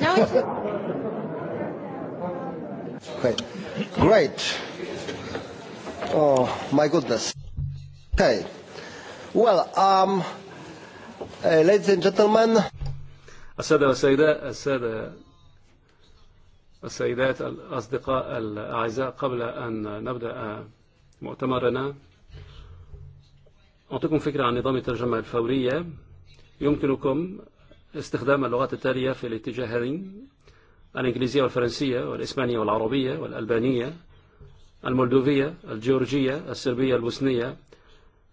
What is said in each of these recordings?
Now it's Great. Great. Oh, my goodness. Okay. Well, um, uh, ladies and gentlemen. السادة والسيدات السادة السيدات الأصدقاء الأعزاء قبل أن نبدأ مؤتمرنا أعطيكم فكرة عن نظام الترجمة الفورية يمكنكم استخدام اللغات التالية في الاتجاهين الإنجليزية والفرنسية والإسبانية والعربية والألبانية المولدوفية الجورجية السربية البوسنية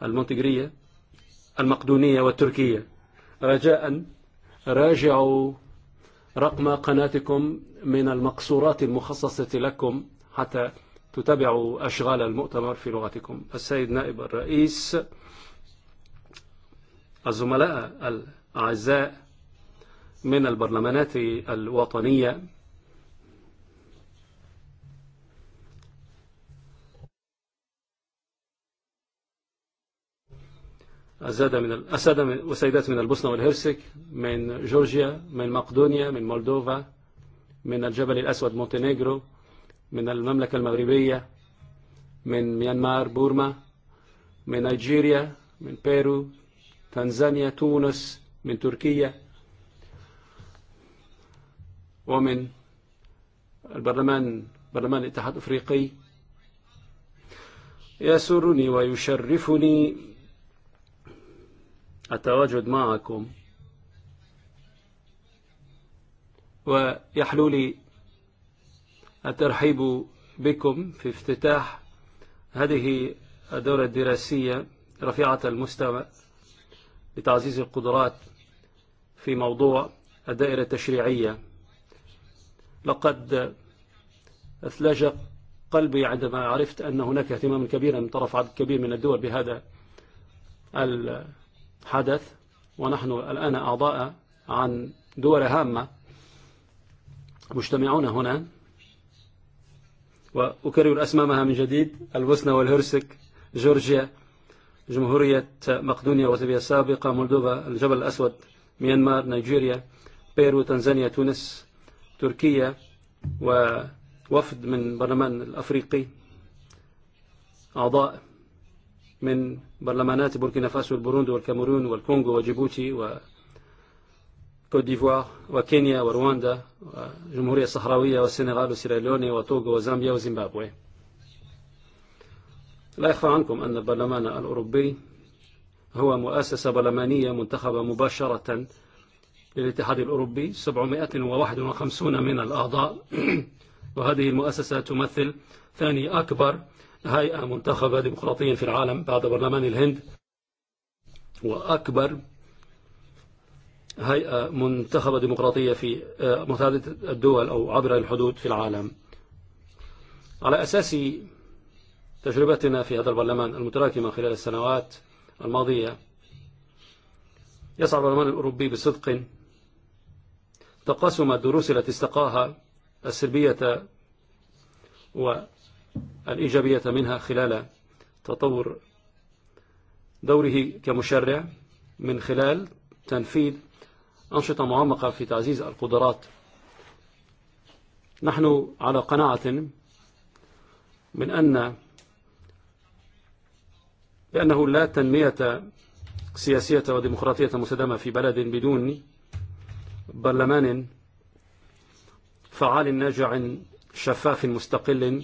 المونتجرية المقدونية والتركية رجاء راجعوا رقم قناتكم من المقصورات المخصصة لكم حتى تتابعوا أشغال المؤتمر في لغتكم السيد نائب الرئيس الزملاء الأعزاء من البرلمانات الوطنية السادة من الأسادة والسيدات من البوسنة والهرسك من جورجيا من مقدونيا من مولدوفا من الجبل الأسود مونتينيغرو من المملكة المغربية من ميانمار بورما من نيجيريا من بيرو تنزانيا تونس من تركيا ومن البرلمان برلمان الاتحاد الأفريقي يسرني ويشرفني التواجد معكم ويحلو لي الترحيب بكم في افتتاح هذه الدورة الدراسية رفيعة المستوى لتعزيز القدرات في موضوع الدائرة التشريعية لقد أثلج قلبي عندما عرفت أن هناك اهتمام كبيرا من طرف عدد كبير من الدول بهذا الحدث ونحن الآن أعضاء عن دول هامة مجتمعون هنا وأكرر أسمامها من جديد البوسنة والهرسك جورجيا جمهورية مقدونيا وسبيا السابقة مولدوفا الجبل الأسود ميانمار نيجيريا بيرو تنزانيا تونس تركيا ووفد من برلمان الأفريقي أعضاء من برلمانات بوركينا فاسو البروند والكاميرون والكونغو وجيبوتي وكوت ديفوار وكينيا ورواندا والجمهورية الصحراوية والسنغال وسيراليوني وتوغو وزامبيا وزيمبابوي لا يخفى عنكم أن البرلمان الأوروبي هو مؤسسة برلمانية منتخبة مباشرة للاتحاد الأوروبي 751 من الأعضاء وهذه المؤسسة تمثل ثاني أكبر هيئة منتخبة ديمقراطيا في العالم بعد برلمان الهند وأكبر هيئة منتخبة ديمقراطية في متعددة الدول أو عبر الحدود في العالم على أساس تجربتنا في هذا البرلمان المتراكمة خلال السنوات الماضية يسعى البرلمان الأوروبي بصدق تقاسم الدروس التي استقاها السلبية والإيجابية منها خلال تطور دوره كمشرع من خلال تنفيذ أنشطة معمقة في تعزيز القدرات نحن على قناعة من أن بأنه لا تنمية سياسية وديمقراطية مستدامة في بلد بدون برلمان فعال ناجع شفاف مستقل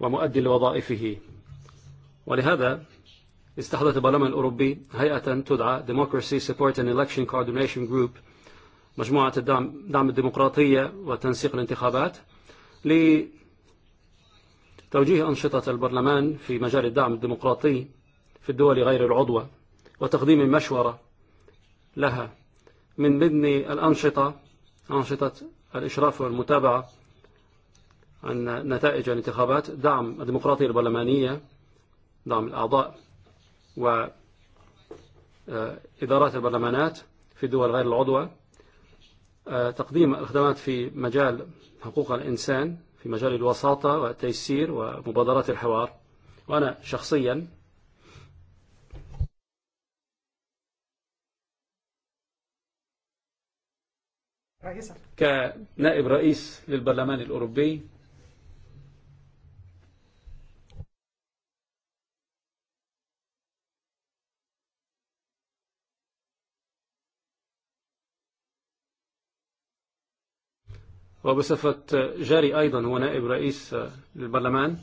ومؤدي لوظائفه ولهذا استحدث البرلمان الأوروبي هيئة تدعى Democracy Support and Election Coordination Group مجموعة الدعم دعم الديمقراطية وتنسيق الانتخابات لتوجيه أنشطة البرلمان في مجال الدعم الديمقراطي في الدول غير العضوة وتقديم مشورة لها من ضمن الأنشطة أنشطة الإشراف والمتابعة عن نتائج الانتخابات دعم الديمقراطية البرلمانية دعم الأعضاء وإدارات البرلمانات في الدول غير العضوة تقديم الخدمات في مجال حقوق الإنسان في مجال الوساطة والتيسير ومبادرات الحوار وأنا شخصيا رئيسة كنائب رئيس للبرلمان الأوروبي وبصفة جاري أيضا هو نائب رئيس للبرلمان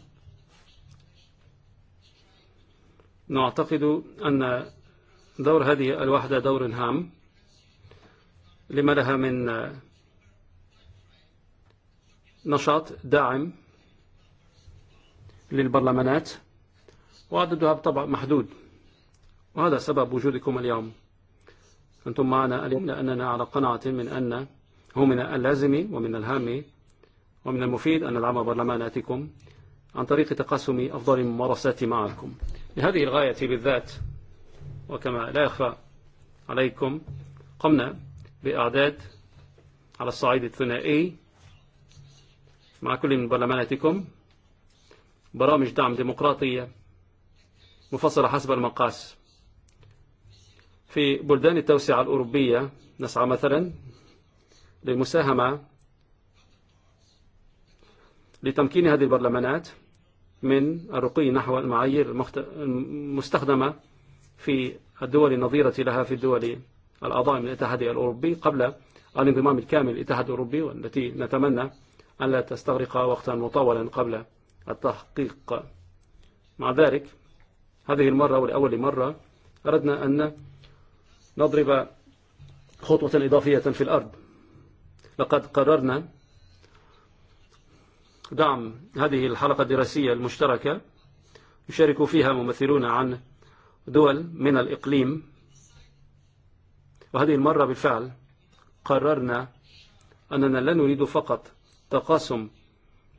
نعتقد أن دور هذه الوحدة دور هام لما لها من نشاط داعم للبرلمانات وعددها بطبع محدود وهذا سبب وجودكم اليوم أنتم معنا اليوم لأننا على قناعة من أن هو من اللازم ومن الهام ومن المفيد أن نلعب برلماناتكم عن طريق تقاسم أفضل الممارسات معكم لهذه الغاية بالذات وكما لا يخفى عليكم قمنا بإعداد على الصعيد الثنائي مع كل من برلماناتكم برامج دعم ديمقراطية مفصلة حسب المقاس في بلدان التوسعة الأوروبية نسعى مثلا للمساهمة لتمكين هذه البرلمانات من الرقي نحو المعايير المستخدمة في الدول النظيرة لها في الدول الأعضاء من الاتحاد الأوروبي قبل الانضمام الكامل للاتحاد الأوروبي والتي نتمنى ألا تستغرق وقتا مطولا قبل التحقيق مع ذلك هذه المرة ولأول مرة أردنا أن نضرب خطوة إضافية في الأرض لقد قررنا دعم هذه الحلقة الدراسية المشتركة يشارك فيها ممثلون عن دول من الإقليم وهذه المرة بالفعل قررنا أننا لا نريد فقط تقاسم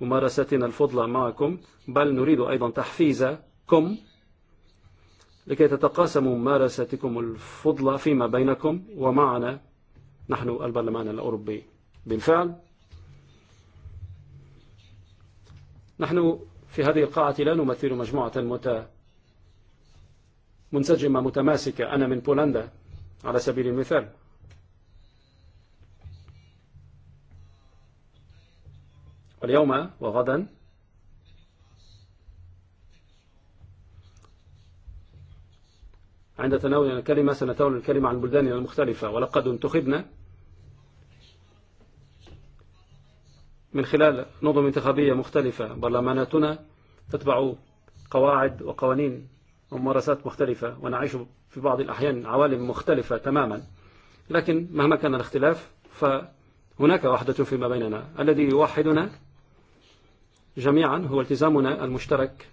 ممارستنا الفضلى معكم بل نريد أيضا تحفيزكم لكي تتقاسموا ممارستكم الفضلى فيما بينكم ومعنا نحن البرلمان الأوروبي بالفعل نحن في هذه القاعة لا نمثل مجموعة متى منسجمة متماسكة أنا من بولندا على سبيل المثال اليوم وغدا عند تناول الكلمة سنتناول الكلمة عن بلداننا المختلفة ولقد انتخبنا من خلال نظم انتخابية مختلفة برلماناتنا تتبع قواعد وقوانين وممارسات مختلفة ونعيش في بعض الأحيان عوالم مختلفة تماما لكن مهما كان الاختلاف فهناك وحدة فيما بيننا الذي يوحدنا جميعا هو التزامنا المشترك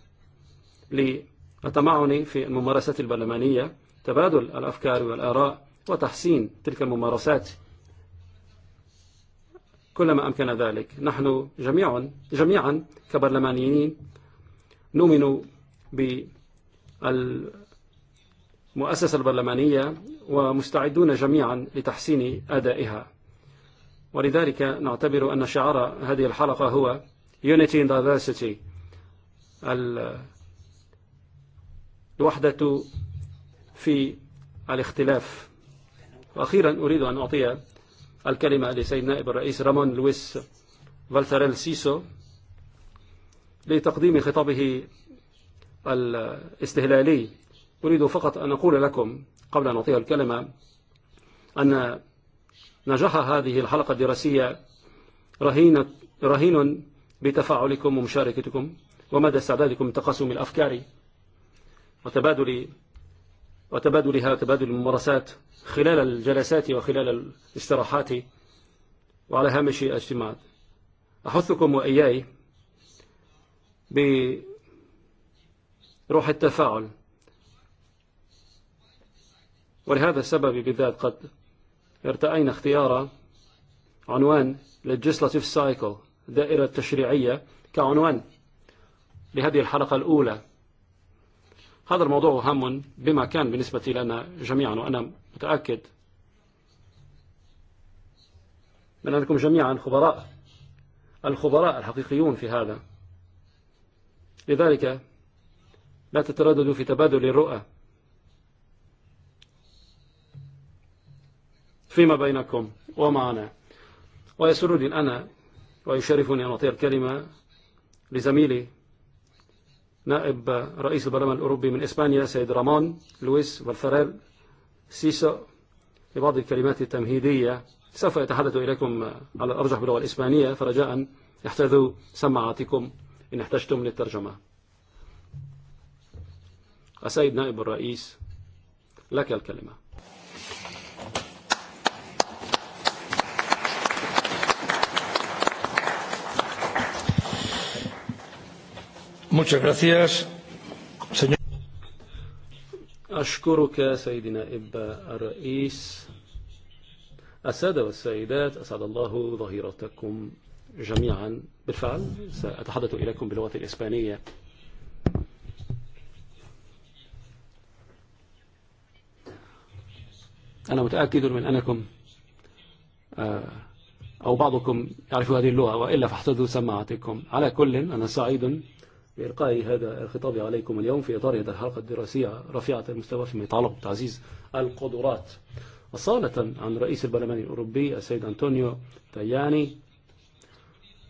للتمعن في الممارسات البرلمانية تبادل الأفكار والآراء وتحسين تلك الممارسات كلما أمكن ذلك نحن جميع جميعا كبرلمانيين نؤمن ب المؤسسة البرلمانية ومستعدون جميعا لتحسين أدائها ولذلك نعتبر أن شعار هذه الحلقة هو Unity in Diversity الوحدة في الاختلاف وأخيرا أريد أن أعطي الكلمة لسيد نائب الرئيس رامون لويس فالتريل سيسو لتقديم خطابه الاستهلالي أريد فقط أن أقول لكم قبل أن أعطيها الكلمة أن نجاح هذه الحلقة الدراسية رهين رهين بتفاعلكم ومشاركتكم ومدى استعدادكم لتقاسم الأفكار وتبادل وتبادلها وتبادل الممارسات خلال الجلسات وخلال الاستراحات وعلى هامش الاجتماعات أحثكم وإياي بأن روح التفاعل ولهذا السبب بالذات قد ارتأينا اختيار عنوان legislative cycle دائرة تشريعية كعنوان لهذه الحلقة الأولى هذا الموضوع هام بما كان بالنسبة لنا جميعا وأنا متأكد من أنكم جميعا خبراء الخبراء الحقيقيون في هذا لذلك لا تتردد في تبادل الرؤى فيما بينكم ومعنا ويسرني أنا ويشرفني أن أعطي الكلمة لزميلي نائب رئيس البرلمان الأوروبي من إسبانيا سيد رامان لويس فالفرال سيسو لبعض الكلمات التمهيدية سوف يتحدث إليكم على الأرجح باللغة الإسبانية فرجاء احتذوا سماعاتكم إن احتجتم للترجمة السيد نائب الرئيس لك الكلمة Muchas gracias, señor. أشكرك سيدي نائب الرئيس السادة والسيدات أسعد الله ظهيرتكم جميعا بالفعل سأتحدث إليكم باللغة الإسبانية أنا متأكد من أنكم أو بعضكم يعرف هذه اللغة وإلا فاحتدوا سماعتكم على كل أنا سعيد بإلقاء هذا الخطاب عليكم اليوم في إطار هذه الحلقة الدراسية رفيعة المستوى فيما يتعلق بتعزيز القدرات أصالة عن رئيس البرلمان الأوروبي السيد أنطونيو تاياني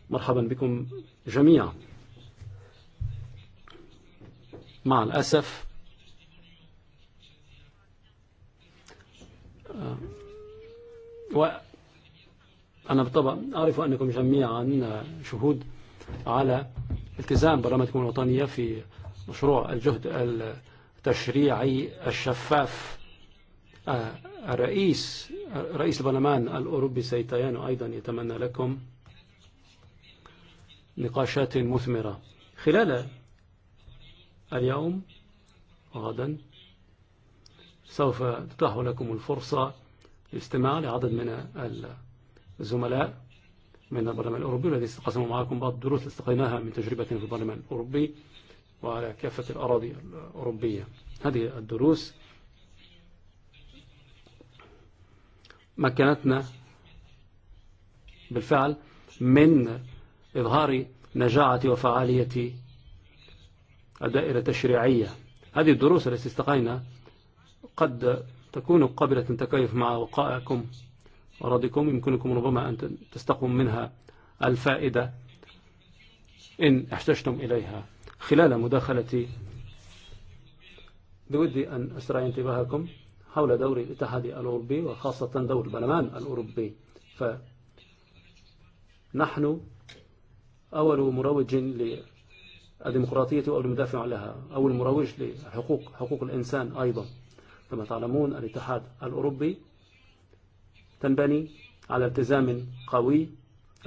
مرحبا بكم جميعا مع الأسف وأنا بالطبع أعرف أنكم جميعا شهود على التزام برامجكم الوطنية في مشروع الجهد التشريعي الشفاف الرئيس رئيس البرلمان الأوروبي سيتايانو أيضا يتمنى لكم نقاشات مثمرة خلال اليوم وغدا سوف تتاح لكم الفرصة للاستماع لعدد من الزملاء من البرلمان الأوروبي الذي استقسموا معكم بعض الدروس اللي استقيناها من تجربتنا في البرلمان الأوروبي وعلى كافة الأراضي الأوروبية هذه الدروس مكنتنا بالفعل من إظهار نجاعة وفعالية الدائرة التشريعية هذه الدروس التي استقينا قد تكونوا قابلة تكيف مع وقائكم أراضيكم يمكنكم ربما أن تستقوا منها الفائدة إن احتجتم إليها خلال مداخلتي بودي أن أسرع انتباهكم حول دور الاتحاد الأوروبي وخاصة دور البرلمان الأوروبي فنحن أول مروج للديمقراطية أو المدافع لها أول مروج لحقوق حقوق الإنسان أيضا كما تعلمون الاتحاد الأوروبي تنبني على التزام قوي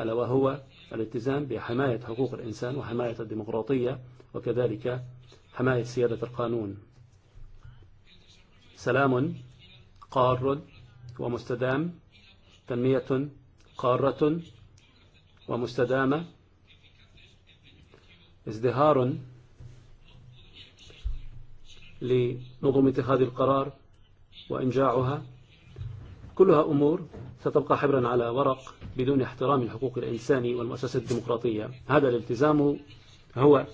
ألا وهو الالتزام بحماية حقوق الإنسان وحماية الديمقراطية وكذلك حماية سيادة القانون سلام قار ومستدام تنمية قارة ومستدامة ازدهار لنظم اتخاذ القرار وإنجاعها كلها أمور ستبقى حبرا على ورق بدون احترام الحقوق الإنساني والمؤسسات الديمقراطية هذا الالتزام هو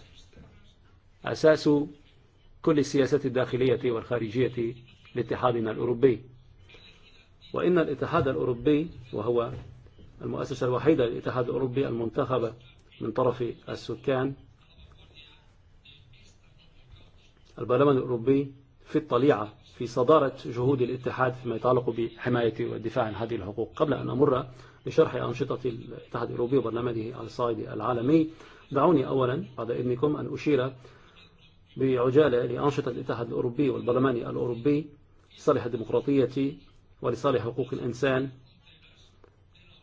أساس كل السياسات الداخلية والخارجية لاتحادنا الأوروبي وإن الاتحاد الأوروبي وهو المؤسسة الوحيدة للاتحاد الأوروبي المنتخبة من طرف السكان البرلمان الأوروبي في الطليعة في صدارة جهود الاتحاد فيما يتعلق بحماية والدفاع عن هذه الحقوق قبل أن أمر لشرح أنشطة الاتحاد الأوروبي وبرلمانه على الصعيد العالمي دعوني أولا بعد إذنكم أن أشير بعجالة لأنشطة الاتحاد الأوروبي والبرلمان الأوروبي لصالح الديمقراطية ولصالح حقوق الإنسان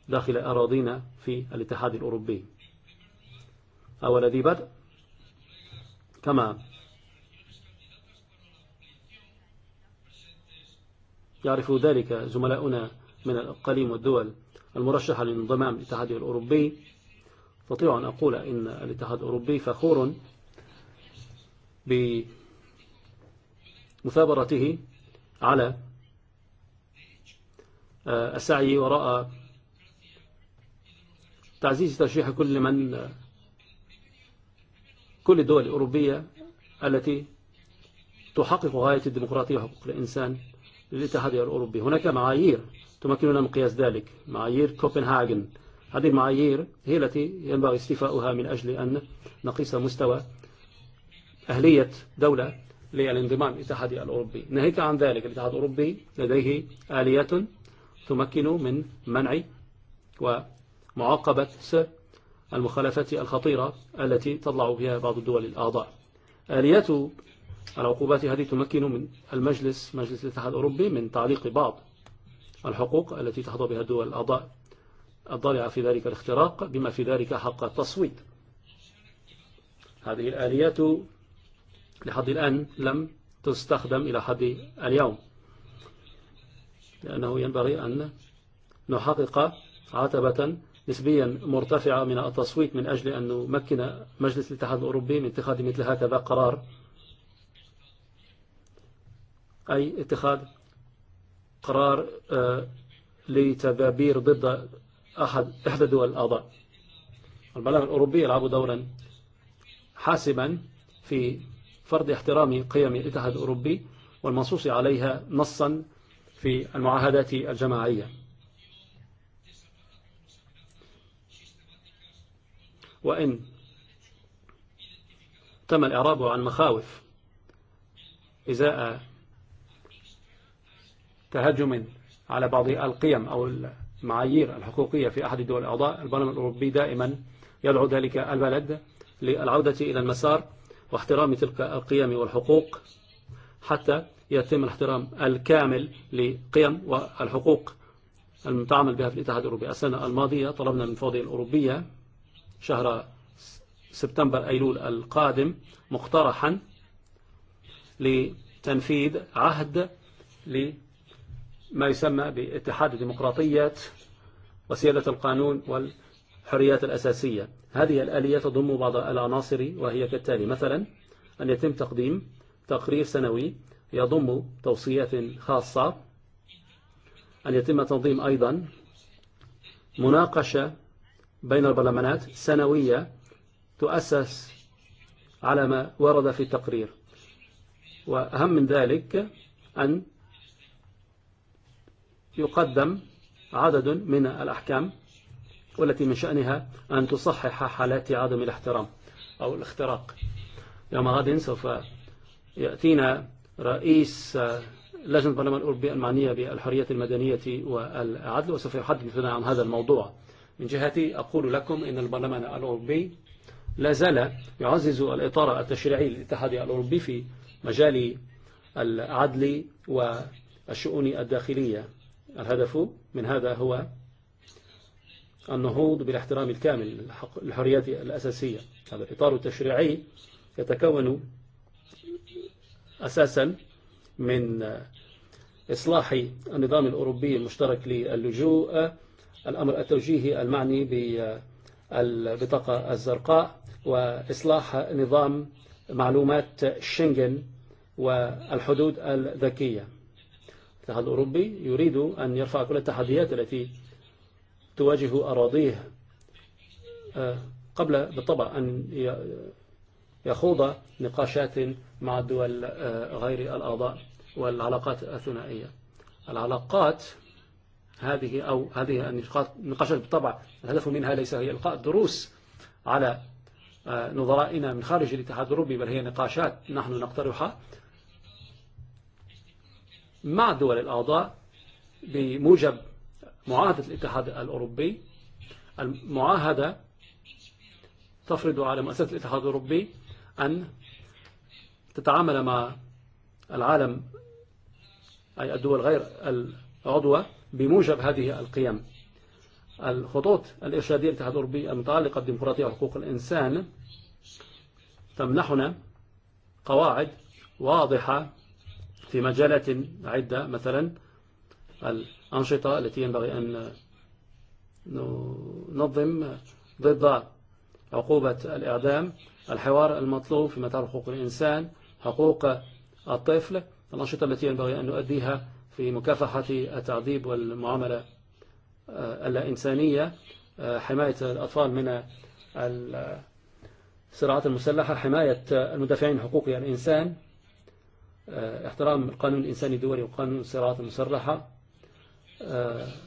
داخل أراضينا في الاتحاد الأوروبي أول ذي بدء كما يعرف ذلك زملاؤنا من الأقاليم والدول المرشحة للانضمام للاتحاد الأوروبي أستطيع أن أقول إن الاتحاد الأوروبي فخور بمثابرته على السعي وراء تعزيز ترشيح كل من كل الدول الأوروبية التي تحقق غاية الديمقراطية وحقوق الإنسان للاتحاد الأوروبي هناك معايير تمكننا من قياس ذلك معايير كوبنهاجن هذه المعايير هي التي ينبغي استيفاؤها من أجل أن نقيس مستوى أهلية دولة للانضمام للاتحاد الأوروبي ناهيك عن ذلك الاتحاد الأوروبي لديه آليات تمكن من منع ومعاقبة المخالفات الخطيرة التي تضع فيها بعض الدول الأعضاء آليات العقوبات هذه تمكن من المجلس مجلس الاتحاد الأوروبي من تعليق بعض الحقوق التي تحظى بها الدول الأعضاء الضالعة في ذلك الاختراق بما في ذلك حق التصويت هذه الآليات لحد الآن لم تستخدم إلى حد اليوم لأنه ينبغي أن نحقق عتبة نسبيا مرتفعة من التصويت من أجل أن نمكن مجلس الاتحاد الأوروبي من اتخاذ مثل هكذا قرار أي اتخاذ قرار لتدابير ضد أحد إحدى الدول الأعضاء الملاك الأوروبي يلعب دورا حاسما في فرض احترام قيم الاتحاد الأوروبي والمنصوص عليها نصا في المعاهدات الجماعية وإن تم الإعراب عن مخاوف إزاء تهجم على بعض القيم أو المعايير الحقوقية في أحد الدول الأعضاء البرلمان الأوروبي دائما يدعو ذلك البلد للعودة إلى المسار واحترام تلك القيم والحقوق حتى يتم الاحترام الكامل لقيم والحقوق المتعامل بها في الاتحاد الأوروبي السنة الماضية طلبنا من فوضي الأوروبية شهر سبتمبر أيلول القادم مقترحا لتنفيذ عهد لتنفيذ ما يسمى باتحاد الديمقراطيات وسيادة القانون والحريات الأساسية هذه الآلية تضم بعض العناصر وهي كالتالي مثلا أن يتم تقديم تقرير سنوي يضم توصيات خاصة أن يتم تنظيم أيضا مناقشة بين البرلمانات سنوية تؤسس على ما ورد في التقرير وأهم من ذلك أن يقدم عدد من الأحكام والتي من شأنها أن تصحح حالات عدم الاحترام أو الاختراق يوم غد سوف يأتينا رئيس لجنة البرلمان الأوروبي المعنية بالحرية المدنية والعدل وسوف يحدثنا عن هذا الموضوع من جهتي أقول لكم أن البرلمان الأوروبي لا زال يعزز الإطار التشريعي للاتحاد الأوروبي في مجال العدل والشؤون الداخلية الهدف من هذا هو النهوض بالاحترام الكامل للحريات الأساسية هذا الإطار التشريعي يتكون أساسا من إصلاح النظام الأوروبي المشترك للجوء الأمر التوجيهي المعني بالبطاقة الزرقاء وإصلاح نظام معلومات شنغن والحدود الذكية الاتحاد الأوروبي يريد أن يرفع كل التحديات التي تواجه أراضيه قبل بالطبع أن يخوض نقاشات مع الدول غير الأعضاء والعلاقات الثنائية العلاقات هذه أو هذه النقاشات بالطبع الهدف منها ليس هي إلقاء دروس على نظرائنا من خارج الاتحاد الأوروبي بل هي نقاشات نحن نقترحها مع الدول الأعضاء بموجب معاهدة الاتحاد الأوروبي المعاهدة تفرض على مؤسسة الاتحاد الأوروبي أن تتعامل مع العالم أي الدول غير العضوة بموجب هذه القيم الخطوط الإرشادية للاتحاد الأوروبي المتعلقة بالديمقراطية وحقوق الإنسان تمنحنا قواعد واضحة في مجالات عدة مثلا الأنشطة التي ينبغي أن ننظم ضد عقوبة الإعدام الحوار المطلوب في مطار حقوق الإنسان حقوق الطفل الأنشطة التي ينبغي أن نؤديها في مكافحة التعذيب والمعاملة اللا إنسانية حماية الأطفال من الصراعات المسلحة حماية المدافعين حقوق الإنسان احترام القانون الإنساني الدولي وقانون الصراعات المسرحة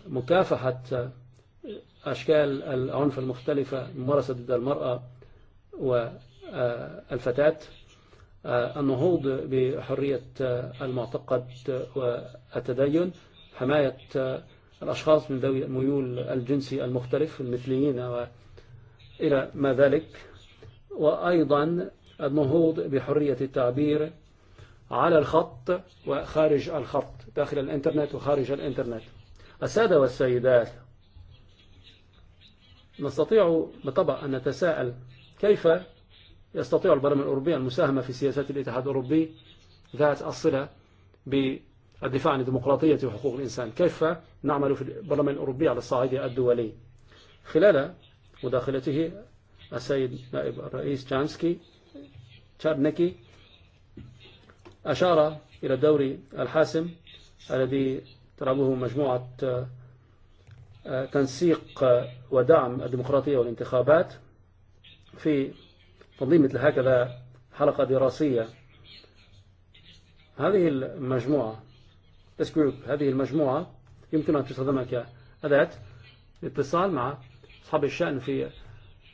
مكافحة أشكال العنف المختلفة الممارسة ضد المرأة والفتاة النهوض بحرية المعتقد والتدين حماية الأشخاص من ذوي الميول الجنسي المختلف المثليين وإلى ما ذلك وأيضا النهوض بحرية التعبير على الخط وخارج الخط داخل الانترنت وخارج الانترنت السادة والسيدات نستطيع بالطبع أن نتساءل كيف يستطيع البرلمان الأوروبي المساهمة في سياسات الاتحاد الأوروبي ذات الصلة بالدفاع عن الديمقراطية وحقوق الإنسان كيف نعمل في البرلمان الأوروبي على الصعيد الدولي خلال مداخلته السيد نائب الرئيس جانسكي تشارنكي أشار إلى الدوري الحاسم الذي تلعبه مجموعة تنسيق ودعم الديمقراطية والانتخابات في تنظيم مثل هكذا حلقة دراسية هذه المجموعة this group هذه المجموعة يمكن أن تستخدمها كأداة اتصال مع أصحاب الشأن في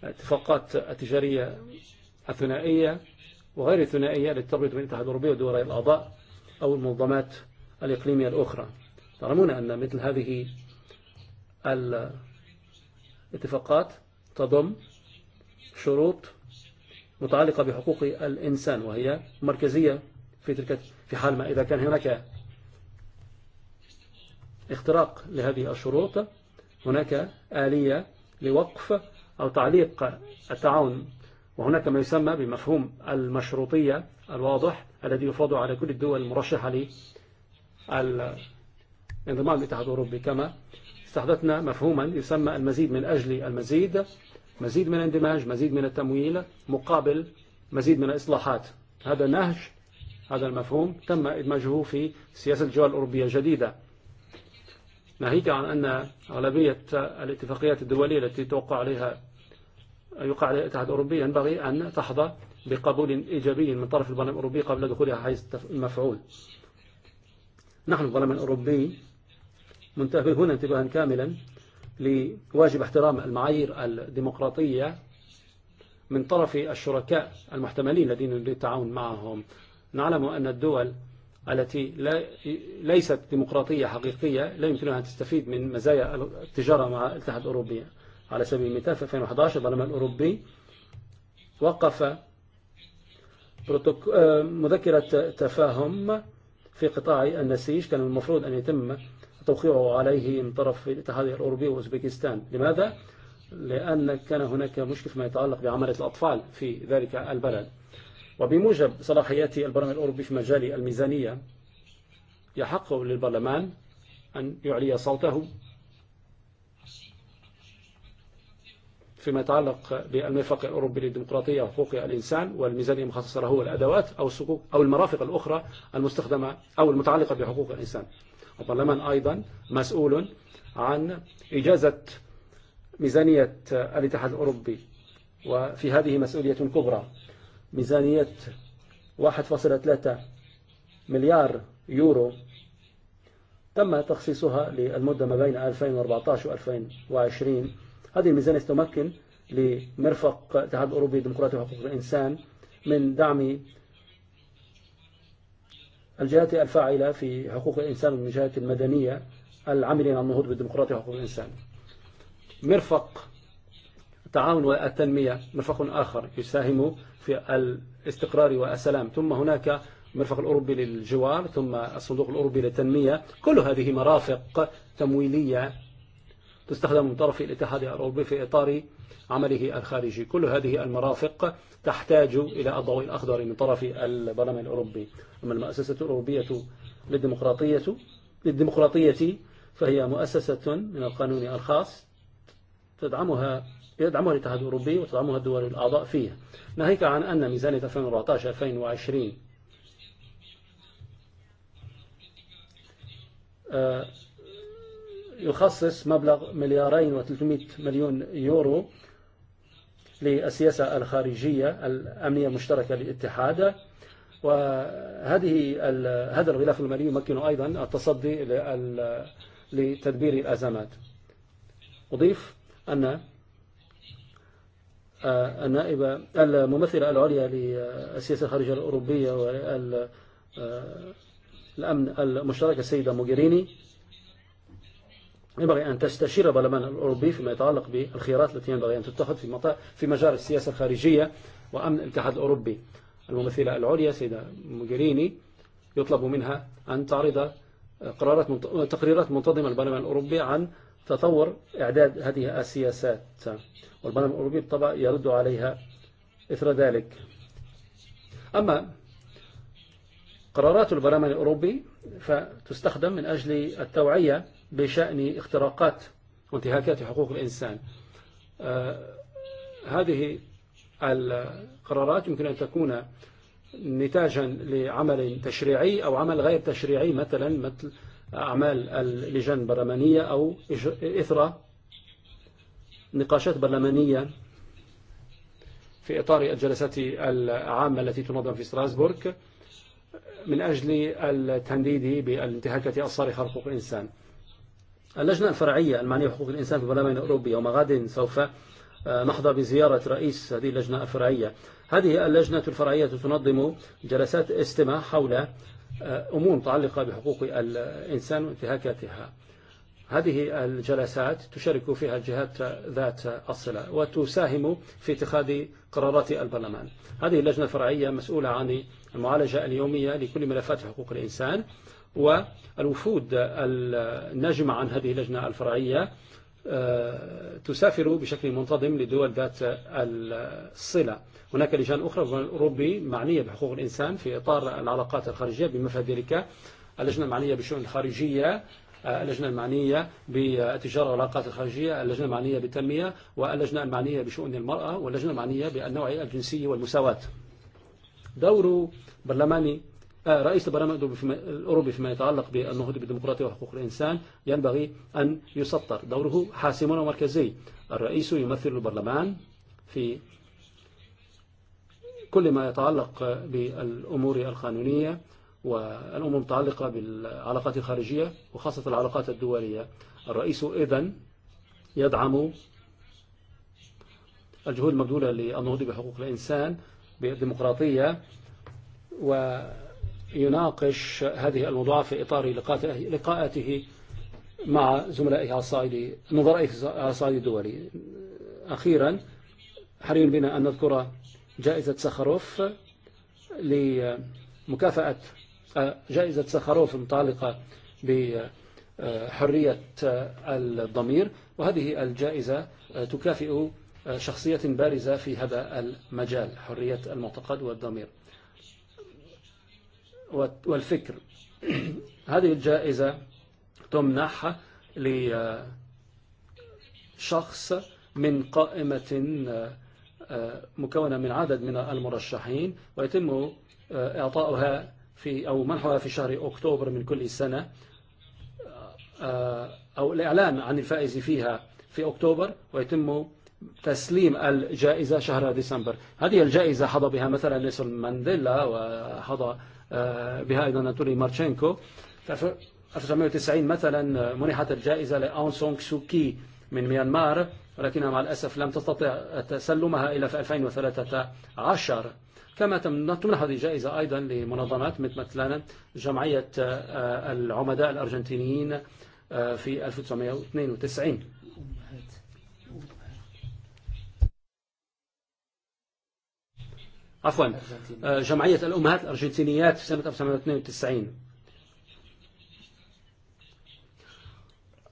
اتفاقات التجارية الثنائية وغير ثنائية للتربية بين الاتحاد الأوروبي ودول الأعضاء أو المنظمات الإقليمية الأخرى تعلمون أن مثل هذه الاتفاقات تضم شروط متعلقة بحقوق الإنسان وهي مركزية في تلك في حال ما إذا كان هناك اختراق لهذه الشروط هناك آلية لوقف أو تعليق التعاون وهناك ما يسمى بمفهوم المشروطية الواضح الذي يفاض على كل الدول المرشحة للانضمام للاتحاد الأوروبي كما استحدثنا مفهوما يسمى المزيد من أجل المزيد مزيد من الاندماج مزيد من التمويل مقابل مزيد من الإصلاحات هذا نهج هذا المفهوم تم إدماجه في سياسة الجوال الأوروبية الجديدة ناهيك عن أن أغلبية الاتفاقيات الدولية التي توقع عليها يقع عليه الاتحاد الأوروبي ينبغي أن تحظى بقبول إيجابي من طرف البرلمان الأوروبي قبل دخولها حيز المفعول نحن البرلمان الأوروبي منتبهون انتباها كاملا لواجب احترام المعايير الديمقراطية من طرف الشركاء المحتملين الذين للتعاون معهم نعلم أن الدول التي لا ليست ديمقراطية حقيقية لا يمكنها أن تستفيد من مزايا التجارة مع الاتحاد الأوروبي على سبيل المثال في 2011 البرلمان الأوروبي وقف مذكرة تفاهم في قطاع النسيج كان المفروض أن يتم توقيعه عليه من طرف الاتحاد الأوروبي وأوزبكستان لماذا؟ لأن كان هناك مشكل فيما يتعلق بعملة الأطفال في ذلك البلد وبموجب صلاحيات البرلمان الأوروبي في مجال الميزانية يحق للبرلمان أن يعلي صوته فيما يتعلق بالميثاق الأوروبي للديمقراطية وحقوق الإنسان والميزانية المخصصة له والأدوات أو الصكوك أو المرافق الأخرى المستخدمة أو المتعلقة بحقوق الإنسان البرلمان أيضا مسؤول عن إجازة ميزانية الاتحاد الأوروبي وفي هذه مسؤولية كبرى ميزانية 1.3 مليار يورو تم تخصيصها للمدة ما بين 2014 و 2020 هذه الميزانية تمكن لمرفق الاتحاد الأوروبي الديمقراطي وحقوق الإنسان من دعم الجهات الفاعلة في حقوق الإنسان من الجهات المدنية العاملين على النهوض بالديمقراطية وحقوق الإنسان مرفق التعاون والتنمية مرفق آخر يساهم في الاستقرار والسلام ثم هناك المرفق الأوروبي للجوار ثم الصندوق الأوروبي للتنمية كل هذه مرافق تمويلية تستخدم من طرف الاتحاد الأوروبي في إطار عمله الخارجي كل هذه المرافق تحتاج إلى الضوء الأخضر من طرف البرلمان الأوروبي أما المؤسسة الأوروبية للديمقراطية للديمقراطية فهي مؤسسة من القانون الخاص تدعمها يدعمها الاتحاد الأوروبي وتدعمها الدول الأعضاء فيه ناهيك عن أن ميزانية 2014-2020 يخصص مبلغ مليارين و300 مليون يورو للسياسة الخارجية الأمنية المشتركة للاتحاد وهذه هذا الغلاف المالي يمكن أيضا التصدي لتدبير الأزمات أضيف أن النائبة الممثلة العليا للسياسة الخارجية الأوروبية والأمن المشترك السيدة موغيريني ينبغي أن تستشير البرلمان الأوروبي فيما يتعلق بالخيارات التي ينبغي أن تتخذ في مطار في مجال السياسة الخارجية وأمن الاتحاد الأوروبي الممثلة العليا سيدة موغريني يطلب منها أن تعرض قرارات تقريرات منتظمة البرلمان الأوروبي عن تطور إعداد هذه السياسات والبرلمان الأوروبي بالطبع يرد عليها إثر ذلك أما قرارات البرلمان الأوروبي فتستخدم من أجل التوعية بشأن اختراقات وانتهاكات حقوق الإنسان هذه القرارات يمكن أن تكون نتاجا لعمل تشريعي أو عمل غير تشريعي مثلا مثل أعمال اللجان البرلمانية أو إثر نقاشات برلمانية في إطار الجلسات العامة التي تنظم في ستراسبورغ من أجل التنديد بالانتهاكات الصارخة لحقوق الإنسان اللجنة الفرعية المعنية بحقوق الإنسان في البرلمان الأوروبي يوم غد سوف نحظى بزيارة رئيس هذه اللجنة الفرعية هذه اللجنة الفرعية تنظم جلسات استماع حول أمور متعلقة بحقوق الإنسان وانتهاكاتها هذه الجلسات تشارك فيها الجهات ذات الصلة وتساهم في اتخاذ قرارات البرلمان هذه اللجنة الفرعية مسؤولة عن المعالجة اليومية لكل ملفات حقوق الإنسان والوفود الناجمة عن هذه اللجنة الفرعية تسافر بشكل منتظم لدول ذات الصلة هناك لجان أخرى أوروبي معنية بحقوق الإنسان في إطار العلاقات الخارجية بمفاد ذلك اللجنة المعنية بالشؤون الخارجية اللجنة المعنية بالتجارة والعلاقات الخارجية اللجنة المعنية بالتنمية واللجنة المعنية بشؤون المرأة واللجنة المعنية بالنوع الجنسي والمساواة دور برلماني رئيس البرلمان الأوروبي فيما يتعلق بالنهوض بالديمقراطية وحقوق الإنسان ينبغي أن يسطر دوره حاسم ومركزي الرئيس يمثل البرلمان في كل ما يتعلق بالأمور القانونية والأمور المتعلقة بالعلاقات الخارجية وخاصة العلاقات الدولية الرئيس إذن يدعم الجهود المبذولة للنهوض بحقوق الإنسان بالديمقراطية و يناقش هذه الموضوعات في إطار لقاءاته مع زملائه الصعيد نظرائه على الصعيد الدولي أخيرا حري بنا أن نذكر جائزة سخروف لمكافأة جائزة سخروف المتعلقة بحرية الضمير وهذه الجائزة تكافئ شخصية بارزة في هذا المجال حرية المعتقد والضمير والفكر هذه الجائزة تمنح لشخص من قائمة مكونة من عدد من المرشحين ويتم إعطاؤها في أو منحها في شهر أكتوبر من كل سنة أو الإعلان عن الفائز فيها في أكتوبر ويتم تسليم الجائزة شهر ديسمبر هذه الجائزة حظى بها مثلا نيلسون مانديلا وحظى بها أيضا أناتولي مارتشينكو في 1990 مثلا منحت الجائزة لأون سونغ سوكي من ميانمار ولكنها مع الأسف لم تستطع تسلمها إلى في 2013 كما تمنح هذه الجائزة أيضا لمنظمات مثل مثلا جمعية العمداء الأرجنتينيين في 1992 عفوا جمعية الأمهات الأرجنتينيات في سنة 1992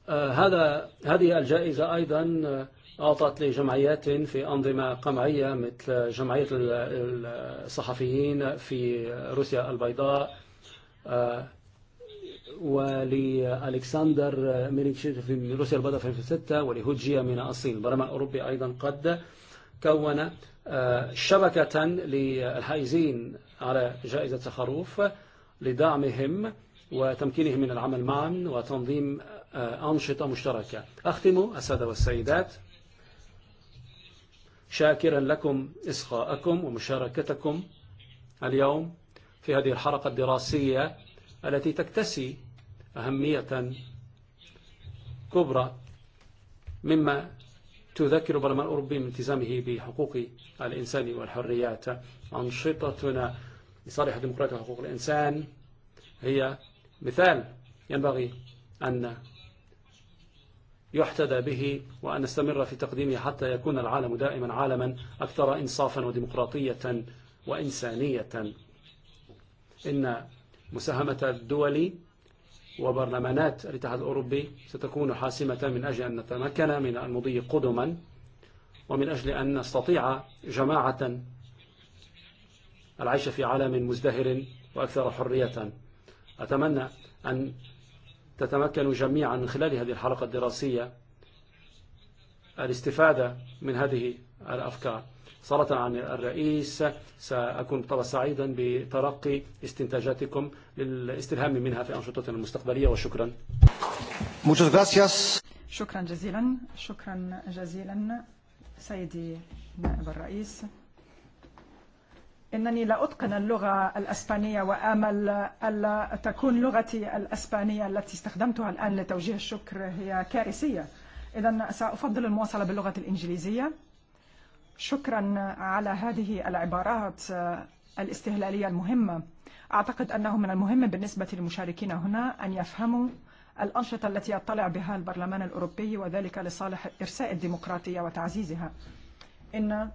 هذا هذه الجائزة أيضا أعطت لجمعيات في أنظمة قمعية مثل جمعية الصحفيين في روسيا البيضاء ولألكسندر مينيكشيف من روسيا البيضاء في 2006 ولهوجيا من الصين البرلمان الأوروبي أيضا قد كون شبكة للحائزين على جائزة سخروف لدعمهم وتمكينهم من العمل معا وتنظيم أنشطة مشتركة أختم السادة والسيدات شاكرا لكم إصغاءكم ومشاركتكم اليوم في هذه الحلقة الدراسية التي تكتسي أهمية كبرى مما تذكر برلمان الأوروبي من التزامه بحقوق الإنسان والحريات أنشطتنا لصالح الديمقراطية وحقوق الإنسان هي مثال ينبغي أن يحتذى به وأن نستمر في تقديمه حتى يكون العالم دائما عالما أكثر إنصافا وديمقراطية وإنسانية إن مساهمة الدول وبرلمانات الاتحاد الأوروبي ستكون حاسمة من أجل أن نتمكن من المضي قدما ومن أجل أن نستطيع جماعة العيش في عالم مزدهر وأكثر حرية أتمنى أن تتمكنوا جميعا من خلال هذه الحلقة الدراسية الاستفادة من هذه الأفكار صارت عن الرئيس سأكون طبعا سعيدا بترقي استنتاجاتكم للاستلهام منها في أنشطتنا المستقبلية وشكرا Muchas gracias. شكرا جزيلا شكرا جزيلا سيدي نائب الرئيس إنني لا أتقن اللغة الأسبانية وآمل ألا تكون لغتي الأسبانية التي استخدمتها الآن لتوجيه الشكر هي كارثية إذا سأفضل المواصلة باللغة الإنجليزية شكرا على هذه العبارات الاستهلالية المهمة أعتقد أنه من المهم بالنسبة للمشاركين هنا أن يفهموا الأنشطة التي يطلع بها البرلمان الأوروبي وذلك لصالح إرساء الديمقراطية وتعزيزها إن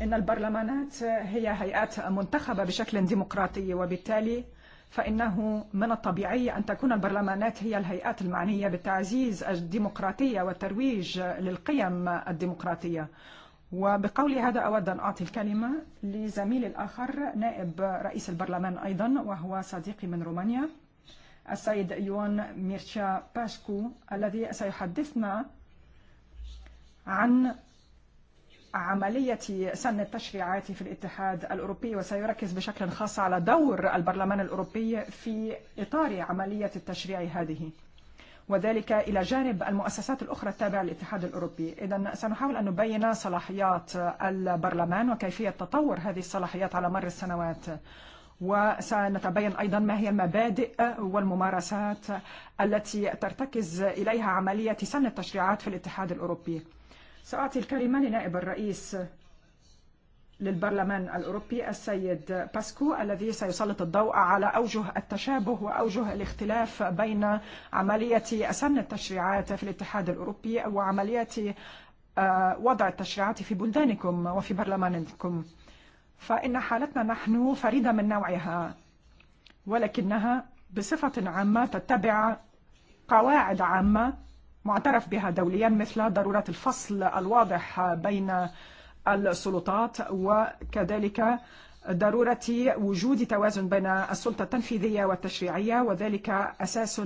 إن البرلمانات هي هيئات منتخبة بشكل ديمقراطي وبالتالي فإنه من الطبيعي أن تكون البرلمانات هي الهيئات المعنية بتعزيز الديمقراطية والترويج للقيم الديمقراطية وبقول هذا أود أن أعطي الكلمة لزميل الآخر نائب رئيس البرلمان أيضا وهو صديقي من رومانيا السيد يوان ميرشا باشكو الذي سيحدثنا عن عملية سن التشريعات في الاتحاد الأوروبي وسيركز بشكل خاص على دور البرلمان الأوروبي في إطار عملية التشريع هذه وذلك إلى جانب المؤسسات الأخرى التابعة للاتحاد الأوروبي إذا سنحاول أن نبين صلاحيات البرلمان وكيفية تطور هذه الصلاحيات على مر السنوات وسنتبين أيضا ما هي المبادئ والممارسات التي ترتكز إليها عملية سن التشريعات في الاتحاد الأوروبي سأعطي الكلمة لنائب الرئيس للبرلمان الأوروبي السيد باسكو الذي سيسلط الضوء على أوجه التشابه وأوجه الاختلاف بين عملية سن التشريعات في الاتحاد الأوروبي وعملية وضع التشريعات في بلدانكم وفي برلمانكم فإن حالتنا نحن فريدة من نوعها ولكنها بصفة عامة تتبع قواعد عامة معترف بها دوليا مثل ضرورة الفصل الواضح بين السلطات وكذلك ضرورة وجود توازن بين السلطة التنفيذية والتشريعية وذلك أساس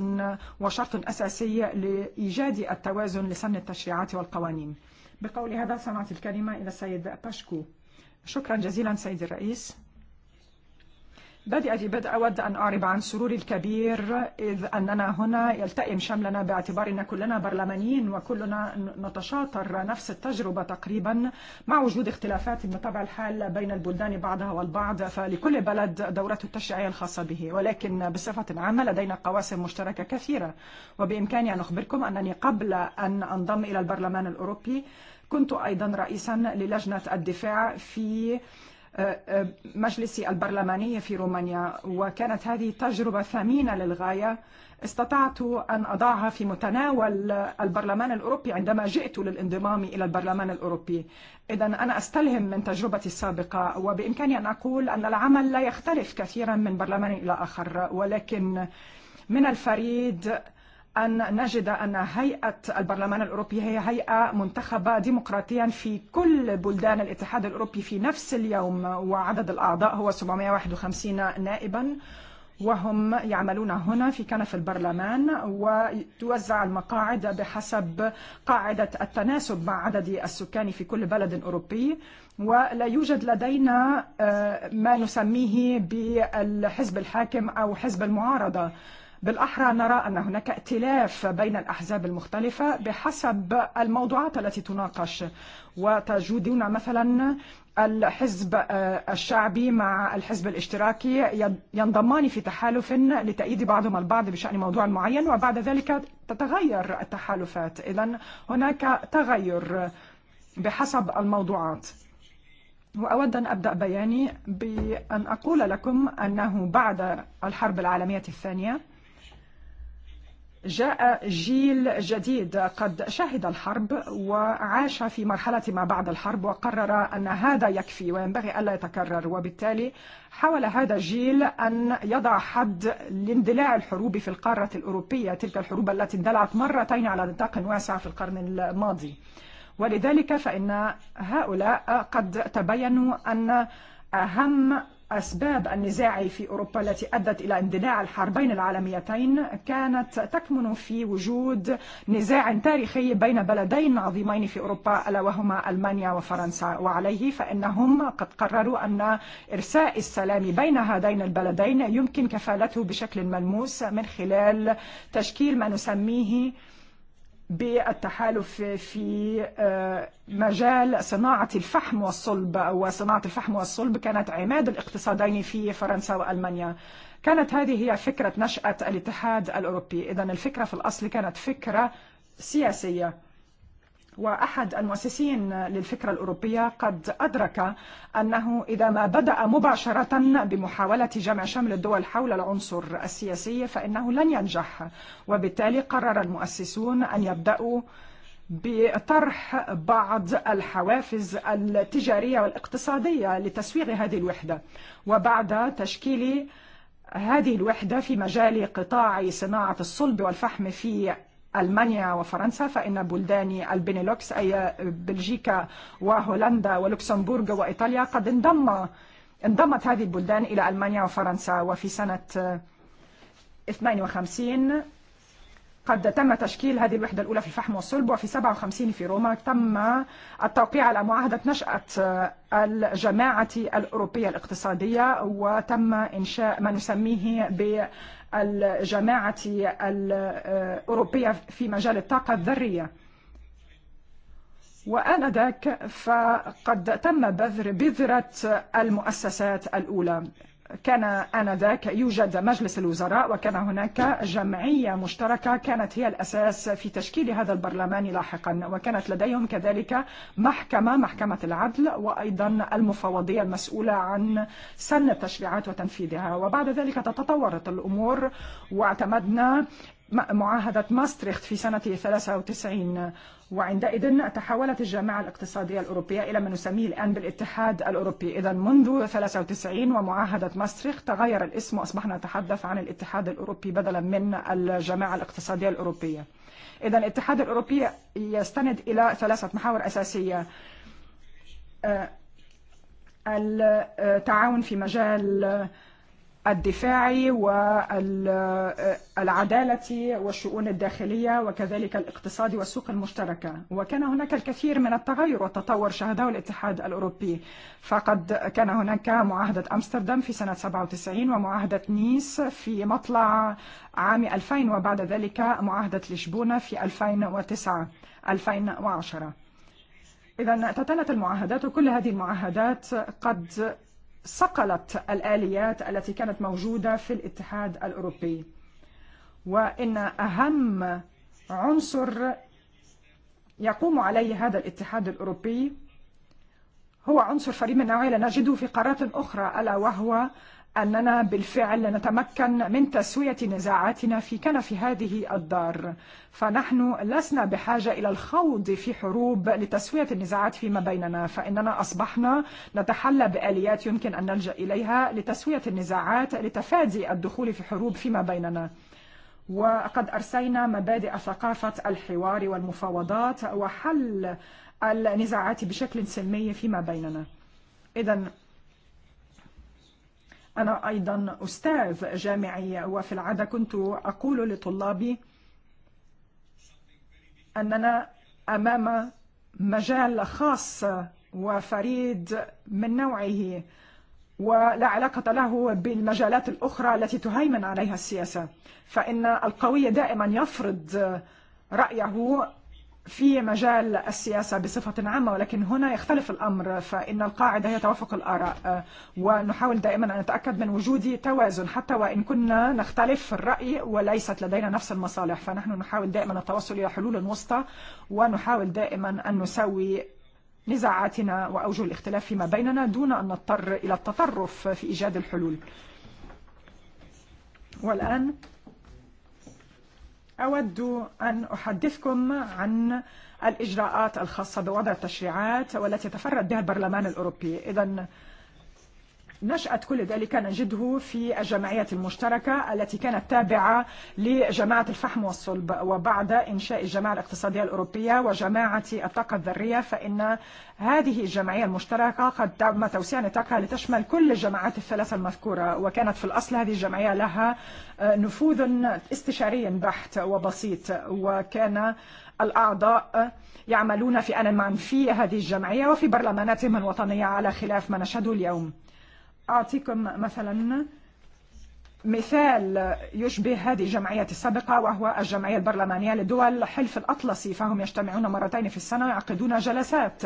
وشرط أساسي لإيجاد التوازن لسن التشريعات والقوانين بقول هذا سمعت الكلمة إلى السيد باشكو شكرا جزيلا سيد الرئيس بدأت بدء أود أن أعرب عن سروري الكبير إذ أننا هنا يلتئم شملنا باعتبارنا كلنا برلمانيين وكلنا نتشاطر نفس التجربة تقريبا مع وجود اختلافات بطبع الحال بين البلدان بعضها والبعض فلكل بلد دورته التشريعية الخاصة به ولكن بصفة عامة لدينا قواسم مشتركة كثيرة وبإمكاني أن أخبركم أنني قبل أن أنضم إلى البرلمان الأوروبي كنت أيضا رئيسا للجنة الدفاع في مجلس البرلماني في رومانيا وكانت هذه تجربة ثمينة للغاية استطعت أن أضعها في متناول البرلمان الأوروبي عندما جئت للانضمام إلى البرلمان الأوروبي إذا أنا أستلهم من تجربتي السابقة وبإمكاني أن أقول أن العمل لا يختلف كثيرا من برلمان إلى آخر ولكن من الفريد أن نجد أن هيئة البرلمان الأوروبي هي هيئة منتخبة ديمقراطيا في كل بلدان الاتحاد الأوروبي في نفس اليوم وعدد الأعضاء هو 751 نائبا وهم يعملون هنا في كنف البرلمان وتوزع المقاعد بحسب قاعدة التناسب مع عدد السكان في كل بلد أوروبي ولا يوجد لدينا ما نسميه بالحزب الحاكم أو حزب المعارضة بالأحرى نرى أن هناك ائتلاف بين الأحزاب المختلفة بحسب الموضوعات التي تناقش وتجدون مثلا الحزب الشعبي مع الحزب الاشتراكي ينضمان في تحالف لتأييد بعضهم البعض بشأن موضوع معين وبعد ذلك تتغير التحالفات إذا هناك تغير بحسب الموضوعات وأود أن أبدأ بياني بأن أقول لكم أنه بعد الحرب العالمية الثانية جاء جيل جديد قد شهد الحرب وعاش في مرحلة ما بعد الحرب وقرر أن هذا يكفي وينبغي ألا يتكرر وبالتالي حاول هذا الجيل أن يضع حد لاندلاع الحروب في القارة الأوروبية تلك الحروب التي اندلعت مرتين على نطاق واسع في القرن الماضي ولذلك فإن هؤلاء قد تبينوا أن أهم أسباب النزاع في أوروبا التي أدت إلى اندلاع الحربين العالميتين كانت تكمن في وجود نزاع تاريخي بين بلدين عظيمين في أوروبا ألا وهما ألمانيا وفرنسا وعليه فإنهم قد قرروا أن إرساء السلام بين هذين البلدين يمكن كفالته بشكل ملموس من خلال تشكيل ما نسميه بالتحالف في مجال صناعة الفحم والصلب وصناعة الفحم والصلب كانت عماد الاقتصادين في فرنسا وألمانيا كانت هذه هي فكرة نشأة الاتحاد الأوروبي إذا الفكرة في الأصل كانت فكرة سياسية وأحد المؤسسين للفكرة الأوروبية قد أدرك أنه إذا ما بدأ مباشرة بمحاولة جمع شمل الدول حول العنصر السياسي فإنه لن ينجح وبالتالي قرر المؤسسون أن يبدأوا بطرح بعض الحوافز التجارية والاقتصادية لتسويغ هذه الوحدة وبعد تشكيل هذه الوحدة في مجال قطاع صناعة الصلب والفحم في ألمانيا وفرنسا فإن بلدان البنيلوكس أي بلجيكا وهولندا ولوكسمبورغ وإيطاليا قد انضم انضمت هذه البلدان إلى ألمانيا وفرنسا وفي سنة 52 قد تم تشكيل هذه الوحدة الأولى في الفحم والصلب وفي 57 في روما تم التوقيع على معاهدة نشأة الجماعة الأوروبية الاقتصادية وتم إنشاء ما نسميه الجماعة الأوروبية في مجال الطاقة الذرية وآنذاك فقد تم بذر بذرة المؤسسات الأولى كان آنذاك يوجد مجلس الوزراء وكان هناك جمعية مشتركة كانت هي الأساس في تشكيل هذا البرلمان لاحقا وكانت لديهم كذلك محكمة محكمة العدل وأيضا المفوضية المسؤولة عن سن التشريعات وتنفيذها وبعد ذلك تتطورت الأمور واعتمدنا معاهدة ماستريخت في سنة 93 وعندئذ تحولت الجامعة الاقتصادية الأوروبية إلى ما نسميه الآن بالاتحاد الأوروبي إذا منذ 93 ومعاهدة ماستريخت تغير الاسم وأصبحنا نتحدث عن الاتحاد الأوروبي بدلا من الجامعة الاقتصادية الأوروبية إذا الاتحاد الأوروبي يستند إلى ثلاثة محاور أساسية التعاون في مجال الدفاع والعدالة والشؤون الداخلية وكذلك الاقتصاد والسوق المشتركة وكان هناك الكثير من التغير والتطور شهده الاتحاد الأوروبي فقد كان هناك معاهدة أمستردام في سنة 97 ومعاهدة نيس في مطلع عام 2000 وبعد ذلك معاهدة لشبونة في 2009 2010 إذا تتلت المعاهدات وكل هذه المعاهدات قد صقلت الآليات التي كانت موجودة في الاتحاد الأوروبي وإن أهم عنصر يقوم عليه هذا الاتحاد الأوروبي هو عنصر فريد من نوعه لا نجده في قارات أخرى ألا وهو أننا بالفعل نتمكن من تسوية نزاعاتنا في كنف هذه الدار فنحن لسنا بحاجة إلى الخوض في حروب لتسوية النزاعات فيما بيننا فإننا أصبحنا نتحلى بآليات يمكن أن نلجأ إليها لتسوية النزاعات لتفادي الدخول في حروب فيما بيننا وقد أرسينا مبادئ ثقافة الحوار والمفاوضات وحل النزاعات بشكل سلمي فيما بيننا إذا أنا أيضا أستاذ جامعي وفي العادة كنت أقول لطلابي أننا أمام مجال خاص وفريد من نوعه ولا علاقة له بالمجالات الأخرى التي تهيمن عليها السياسة فإن القوي دائما يفرض رأيه في مجال السياسة بصفة عامة ولكن هنا يختلف الأمر فإن القاعدة هي توافق الآراء ونحاول دائما أن نتأكد من وجود توازن حتى وإن كنا نختلف في الرأي وليست لدينا نفس المصالح فنحن نحاول دائما التوصل إلى حلول وسطى ونحاول دائما أن نسوي نزاعاتنا وأوجه الاختلاف فيما بيننا دون أن نضطر إلى التطرف في إيجاد الحلول والآن أود أن أحدثكم عن الإجراءات الخاصة بوضع التشريعات والتي تفرد بها البرلمان الأوروبي إذا نشأة كل ذلك نجده في الجمعيات المشتركة التي كانت تابعة لجماعة الفحم والصلب وبعد إنشاء الجماعة الاقتصادية الأوروبية وجماعة الطاقة الذرية فإن هذه الجمعية المشتركة قد تم توسيع نطاقها لتشمل كل الجماعات الثلاثة المذكورة وكانت في الأصل هذه الجمعية لها نفوذ استشاري بحت وبسيط وكان الأعضاء يعملون في أن معنفي هذه الجمعية وفي برلماناتهم الوطنية على خلاف ما نشهده اليوم أعطيكم مثلا مثال يشبه هذه الجمعيات السابقة وهو الجمعية البرلمانية لدول حلف الأطلسي فهم يجتمعون مرتين في السنة ويعقدون جلسات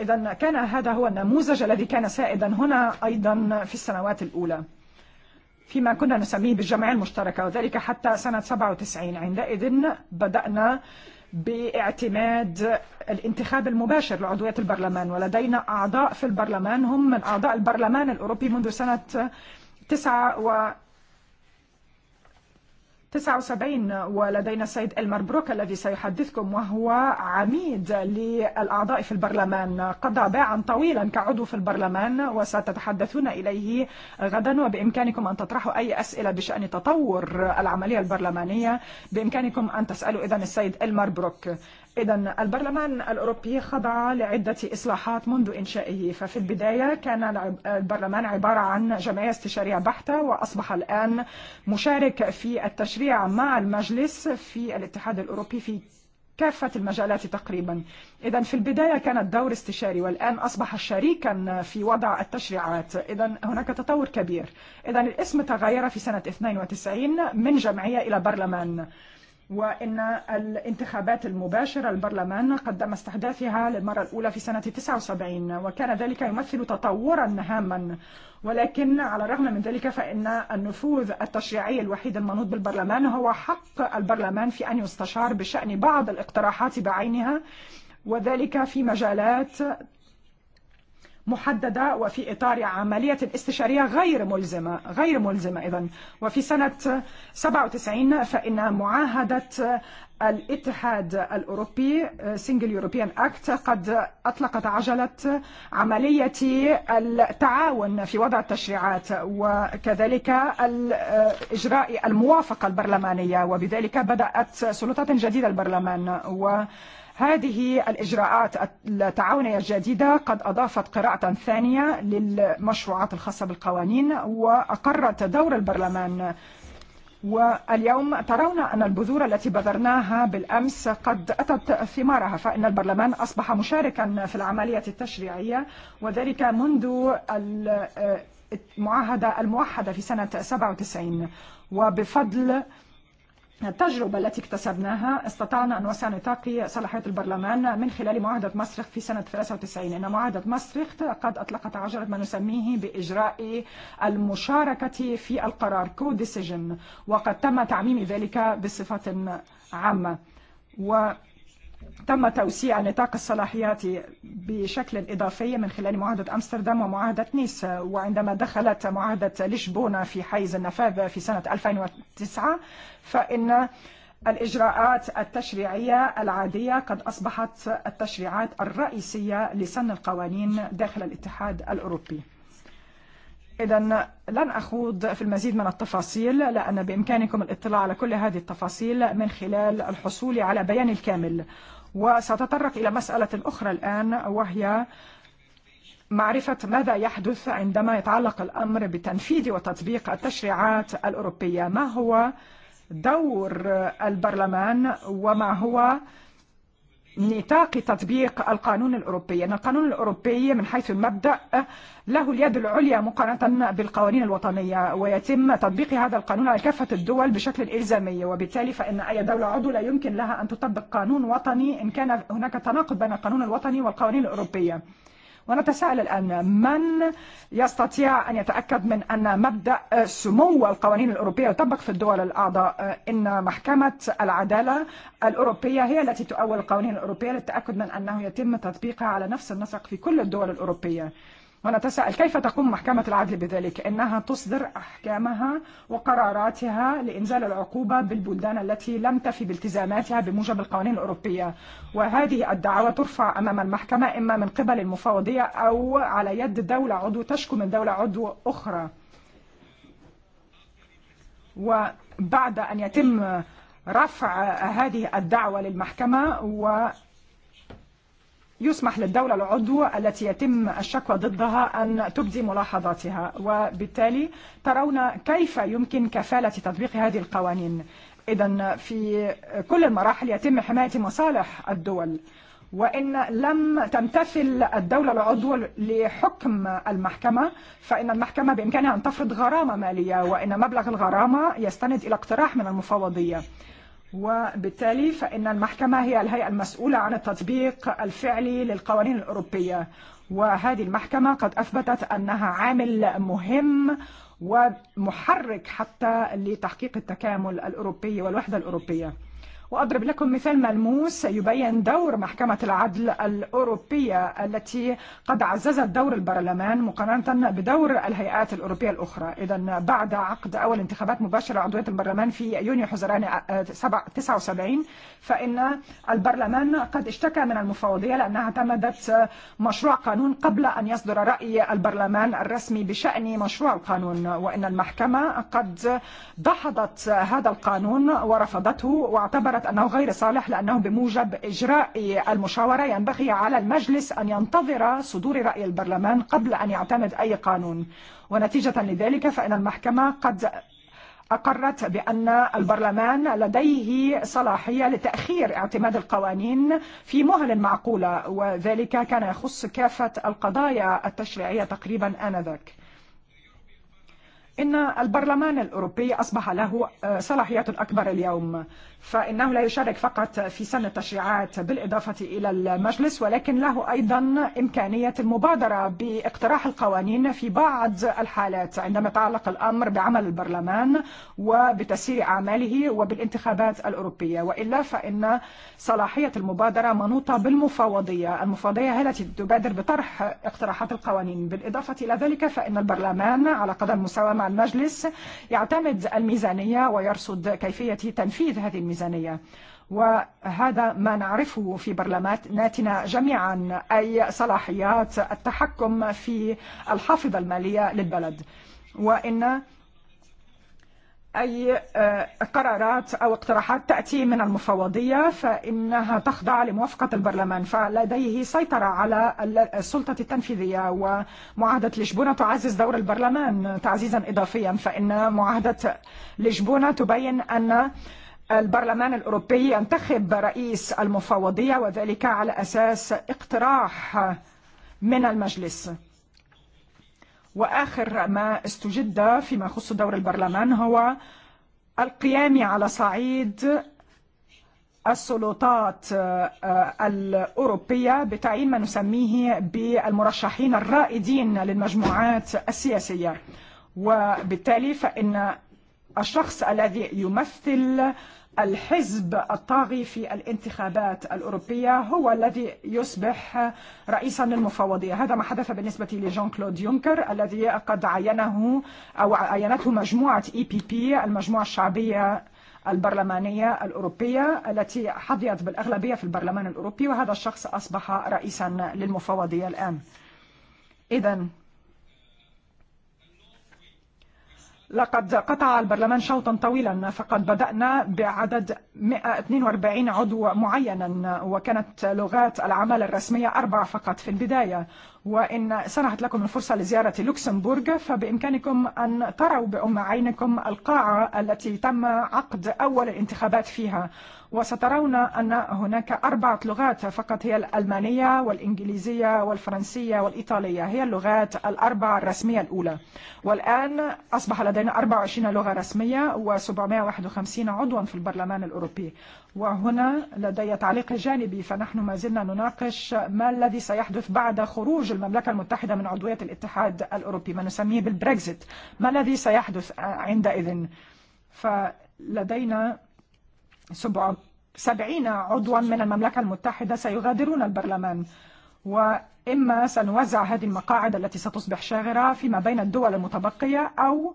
إذا كان هذا هو النموذج الذي كان سائدا هنا أيضا في السنوات الأولى فيما كنا نسميه بالجمعية المشتركة وذلك حتى سنة 97 عندئذ بدأنا آه باعتماد الانتخاب المباشر لعضوية البرلمان ولدينا أعضاء في البرلمان هم من أعضاء البرلمان الأوروبي منذ سنة 99 79 ولدينا السيد المربروك الذي سيحدثكم وهو عميد للأعضاء في البرلمان قضى باعا طويلا كعضو في البرلمان وستتحدثون إليه غدا وبإمكانكم أن تطرحوا أي أسئلة بشأن تطور العملية البرلمانية بإمكانكم أن تسألوا إذا السيد المربروك إذا البرلمان الأوروبي خضع لعدة إصلاحات منذ إنشائه ففي البداية كان البرلمان عبارة عن جمعية استشارية بحتة وأصبح الآن مشارك في التشريع مع المجلس في الاتحاد الأوروبي في كافة المجالات تقريبا إذا في البداية كان الدور استشاري والآن أصبح شريكا في وضع التشريعات إذا هناك تطور كبير إذا الاسم تغير في سنة 92 من جمعية إلى برلمان وأن الانتخابات المباشرة للبرلمان قدم استحداثها للمرة الأولى في سنة 79 وكان ذلك يمثل تطورا هاما ولكن على الرغم من ذلك فإن النفوذ التشريعي الوحيد المنوط بالبرلمان هو حق البرلمان في أن يستشار بشأن بعض الاقتراحات بعينها وذلك في مجالات محددة وفي إطار عملية استشارية غير ملزمة غير ملزمة إذا وفي سنة 97 فإن معاهدة الاتحاد الأوروبي سنجل يوروبيان أكت قد أطلقت عجلة عملية التعاون في وضع التشريعات وكذلك إجراء الموافقة البرلمانية وبذلك بدأت سلطات جديدة البرلمان و هذه الإجراءات التعاونية الجديدة قد أضافت قراءة ثانية للمشروعات الخاصة بالقوانين وأقرت دور البرلمان واليوم ترون أن البذور التي بذرناها بالأمس قد أتت ثمارها فإن البرلمان أصبح مشاركا في العملية التشريعية وذلك منذ المعاهدة الموحدة في سنة 97 وبفضل التجربة التي اكتسبناها استطعنا أن وسعنا تقي صلاحية البرلمان من خلال معاهدة مصرخ في سنة 93 إن معاهدة مصرخ قد أطلقت عجلة ما نسميه بإجراء المشاركة في القرار كو ديسيجن وقد تم تعميم ذلك بصفة عامة و تم توسيع نطاق الصلاحيات بشكل إضافي من خلال معاهدة أمستردام ومعاهدة نيس وعندما دخلت معاهدة لشبونة في حيز النفاذ في سنة 2009 فإن الإجراءات التشريعية العادية قد أصبحت التشريعات الرئيسية لسن القوانين داخل الاتحاد الأوروبي إذا لن أخوض في المزيد من التفاصيل لأن بإمكانكم الاطلاع على كل هذه التفاصيل من خلال الحصول على بيان الكامل وسأتطرق إلى مسألة أخرى الآن وهي معرفة ماذا يحدث عندما يتعلق الأمر بتنفيذ وتطبيق التشريعات الأوروبية ما هو دور البرلمان وما هو نطاق تطبيق القانون الأوروبي أن القانون الأوروبي من حيث المبدأ له اليد العليا مقارنة بالقوانين الوطنية ويتم تطبيق هذا القانون على كافة الدول بشكل إلزامي وبالتالي فإن أي دولة عضو لا يمكن لها أن تطبق قانون وطني إن كان هناك تناقض بين القانون الوطني والقوانين الأوروبية ونتساءل الآن من يستطيع أن يتأكد من أن مبدأ سمو القوانين الأوروبية يطبق في الدول الأعضاء إن محكمة العدالة الأوروبية هي التي تؤول القوانين الأوروبية للتأكد من أنه يتم تطبيقها على نفس النسق في كل الدول الأوروبية ونتساءل كيف تقوم محكمة العدل بذلك إنها تصدر أحكامها وقراراتها لإنزال العقوبة بالبلدان التي لم تفي بالتزاماتها بموجب القوانين الأوروبية وهذه الدعوة ترفع أمام المحكمة إما من قبل المفوضية أو على يد دولة عضو تشكو من دولة عضو أخرى وبعد أن يتم رفع هذه الدعوة للمحكمة و يسمح للدولة العضو التي يتم الشكوى ضدها أن تبدي ملاحظاتها وبالتالي ترون كيف يمكن كفالة تطبيق هذه القوانين إذا في كل المراحل يتم حماية مصالح الدول وإن لم تمتثل الدولة العضو لحكم المحكمة فإن المحكمة بإمكانها أن تفرض غرامة مالية وإن مبلغ الغرامة يستند إلى اقتراح من المفوضية وبالتالي فإن المحكمة هي الهيئة المسؤولة عن التطبيق الفعلي للقوانين الأوروبية وهذه المحكمة قد أثبتت أنها عامل مهم ومحرك حتى لتحقيق التكامل الأوروبي والوحدة الأوروبية وأضرب لكم مثال ملموس يبين دور محكمة العدل الأوروبية التي قد عززت دور البرلمان مقارنة بدور الهيئات الأوروبية الأخرى إذا بعد عقد أول انتخابات مباشرة عضوية البرلمان في يونيو حزيران 79 فإن البرلمان قد اشتكى من المفوضية لأنها اعتمدت مشروع قانون قبل أن يصدر رأي البرلمان الرسمي بشأن مشروع القانون وإن المحكمة قد دحضت هذا القانون ورفضته واعتبرت قررت أنه غير صالح لأنه بموجب إجراء المشاورة ينبغي على المجلس أن ينتظر صدور رأي البرلمان قبل أن يعتمد أي قانون ونتيجة لذلك فإن المحكمة قد أقرت بأن البرلمان لديه صلاحية لتأخير اعتماد القوانين في مهل معقولة وذلك كان يخص كافة القضايا التشريعية تقريبا آنذاك إن البرلمان الأوروبي أصبح له صلاحيات أكبر اليوم فإنه لا يشارك فقط في سن التشريعات بالإضافة إلى المجلس ولكن له أيضا إمكانية المبادرة باقتراح القوانين في بعض الحالات عندما تعلق الأمر بعمل البرلمان وبتسيير أعماله وبالانتخابات الأوروبية وإلا فإن صلاحية المبادرة منوطة بالمفوضية المفوضية هي التي تبادر بطرح اقتراحات القوانين بالإضافة إلى ذلك فإن البرلمان على قدم المساواة مع المجلس يعتمد الميزانية ويرصد كيفية تنفيذ هذه الميزانية وهذا ما نعرفه في برلماناتنا جميعا أي صلاحيات التحكم في الحافظة المالية للبلد وإن أي قرارات أو اقتراحات تأتي من المفوضية فإنها تخضع لموافقة البرلمان فلديه سيطرة على السلطة التنفيذية ومعاهدة لشبونة تعزز دور البرلمان تعزيزا إضافيا فإن معاهدة لشبونة تبين أن البرلمان الأوروبي ينتخب رئيس المفوضية وذلك على أساس اقتراح من المجلس وآخر ما استجد فيما يخص دور البرلمان هو القيام على صعيد السلطات الأوروبية بتعيين ما نسميه بالمرشحين الرائدين للمجموعات السياسية وبالتالي فإن الشخص الذي يمثل الحزب الطاغي في الانتخابات الأوروبية هو الذي يصبح رئيسا للمفوضية هذا ما حدث بالنسبة لجون كلود يونكر الذي قد عينه أو عينته مجموعة إي بي بي المجموعة الشعبية البرلمانية الأوروبية التي حظيت بالأغلبية في البرلمان الأوروبي وهذا الشخص أصبح رئيسا للمفوضية الآن إذا لقد قطع البرلمان شوطا طويلا فقد بدأنا بعدد 142 عضو معينا وكانت لغات العمل الرسمية أربع فقط في البداية وإن سنحت لكم الفرصة لزيارة لوكسمبورغ فبإمكانكم أن تروا بأم عينكم القاعة التي تم عقد أول الانتخابات فيها وسترون أن هناك أربعة لغات فقط هي الألمانية والإنجليزية والفرنسية والإيطالية هي اللغات الأربعة الرسمية الأولى والآن أصبح لدينا 24 لغة رسمية و751 عضوا في البرلمان الأوروبي وهنا لدي تعليق جانبي فنحن ما زلنا نناقش ما الذي سيحدث بعد خروج المملكة المتحدة من عضوية الاتحاد الأوروبي ما نسميه بالبريكزيت ما الذي سيحدث عندئذ فلدينا 77 عضوا من المملكة المتحدة سيغادرون البرلمان وإما سنوزع هذه المقاعد التي ستصبح شاغرة فيما بين الدول المتبقية أو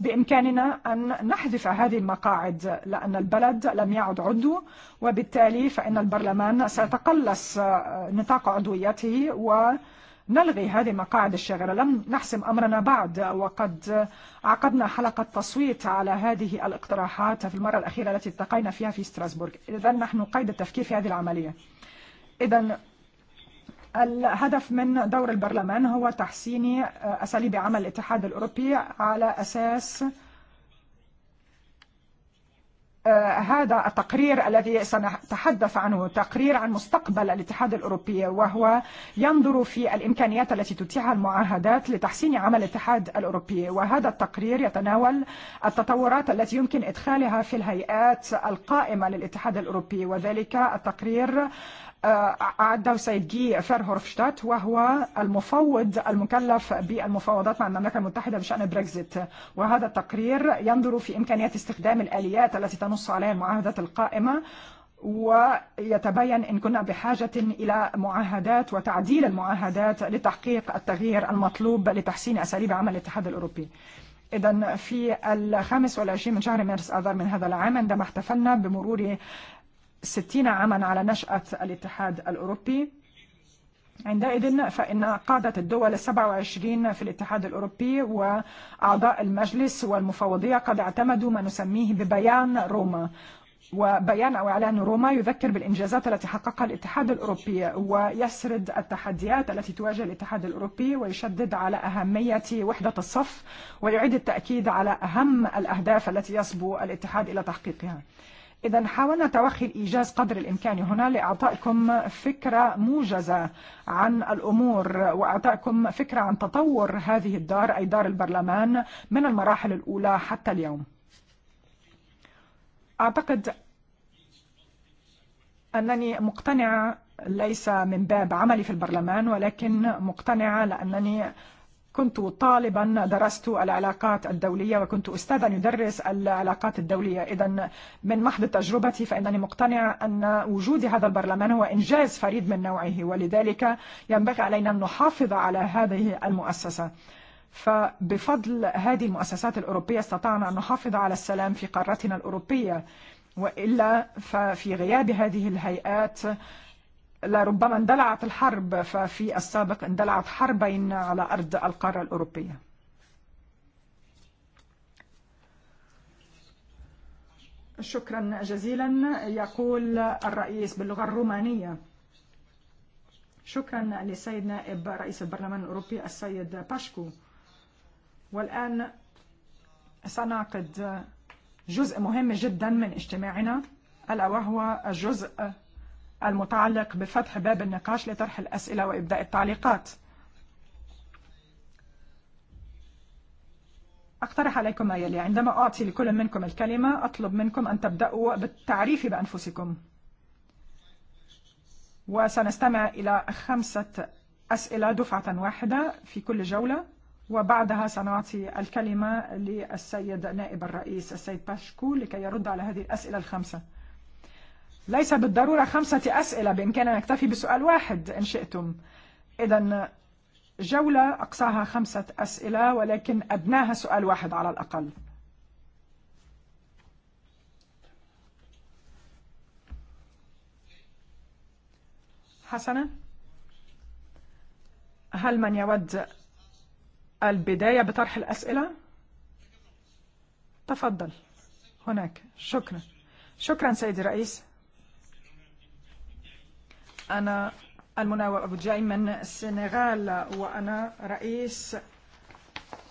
بإمكاننا أن نحذف هذه المقاعد لأن البلد لم يعد عضو وبالتالي فإن البرلمان سيتقلص نطاق عضويته وسيتقلص نلغي هذه مقاعد الشجرة لم نحسم أمرنا بعد وقد عقدنا حلقة تصويت على هذه الاقتراحات في المرة الأخيرة التي التقينا فيها في ستراسبورغ إذا نحن قيد التفكير في هذه العملية إذا الهدف من دور البرلمان هو تحسين أساليب عمل الاتحاد الأوروبي على أساس هذا التقرير الذي سنتحدث عنه تقرير عن مستقبل الاتحاد الأوروبي وهو ينظر في الإمكانيات التي تتيحها المعاهدات لتحسين عمل الاتحاد الأوروبي وهذا التقرير يتناول التطورات التي يمكن إدخالها في الهيئات القائمة للاتحاد الأوروبي وذلك التقرير عدوا سيد جي فيرهورفشتات وهو المفوض المكلف بالمفاوضات مع المملكة المتحدة بشأن بريكزيت وهذا التقرير ينظر في إمكانية استخدام الآليات التي تنص عليها المعاهدات القائمة ويتبين إن كنا بحاجة إلى معاهدات وتعديل المعاهدات لتحقيق التغيير المطلوب لتحسين أساليب عمل الاتحاد الأوروبي إذا في الخامس والعشرين من شهر مارس آذار من هذا العام عندما احتفلنا بمرور ستين عاما على نشأة الاتحاد الأوروبي عندئذ فإن قادة الدول 27 في الاتحاد الأوروبي وأعضاء المجلس والمفوضية قد اعتمدوا ما نسميه ببيان روما وبيان أو إعلان روما يذكر بالإنجازات التي حققها الاتحاد الأوروبي ويسرد التحديات التي تواجه الاتحاد الأوروبي ويشدد على أهمية وحدة الصف ويعيد التأكيد على أهم الأهداف التي يصبو الاتحاد إلى تحقيقها إذا حاولنا توخي الإيجاز قدر الإمكان هنا لإعطائكم فكرة موجزة عن الأمور وإعطائكم فكرة عن تطور هذه الدار أي دار البرلمان من المراحل الأولى حتى اليوم أعتقد أنني مقتنعة ليس من باب عملي في البرلمان ولكن مقتنعة لأنني كنت طالبا درست العلاقات الدولية وكنت أستاذا يدرس العلاقات الدولية إذا من محض تجربتي فإنني مقتنع أن وجود هذا البرلمان هو إنجاز فريد من نوعه ولذلك ينبغي علينا أن نحافظ على هذه المؤسسة فبفضل هذه المؤسسات الأوروبية استطعنا أن نحافظ على السلام في قارتنا الأوروبية وإلا ففي غياب هذه الهيئات لربما اندلعت الحرب ففي السابق اندلعت حربين على أرض القارة الأوروبية شكرا جزيلا يقول الرئيس باللغة الرومانية شكرا للسيد نائب رئيس البرلمان الأوروبي السيد باشكو والآن سنعقد جزء مهم جدا من اجتماعنا ألا وهو الجزء المتعلق بفتح باب النقاش لطرح الأسئلة وإبداء التعليقات أقترح عليكم ما يلي عندما أعطي لكل منكم الكلمة أطلب منكم أن تبدأوا بالتعريف بأنفسكم وسنستمع إلى خمسة أسئلة دفعة واحدة في كل جولة وبعدها سنعطي الكلمة للسيد نائب الرئيس السيد باشكو لكي يرد على هذه الأسئلة الخمسة ليس بالضرورة خمسة أسئلة بإمكاننا نكتفي بسؤال واحد إن شئتم إذا جولة أقصاها خمسة أسئلة ولكن أدناها سؤال واحد على الأقل حسنا هل من يود البداية بطرح الأسئلة؟ تفضل هناك شكرا شكرا سيدي الرئيس أنا المناوى أبو جاي من السنغال وأنا رئيس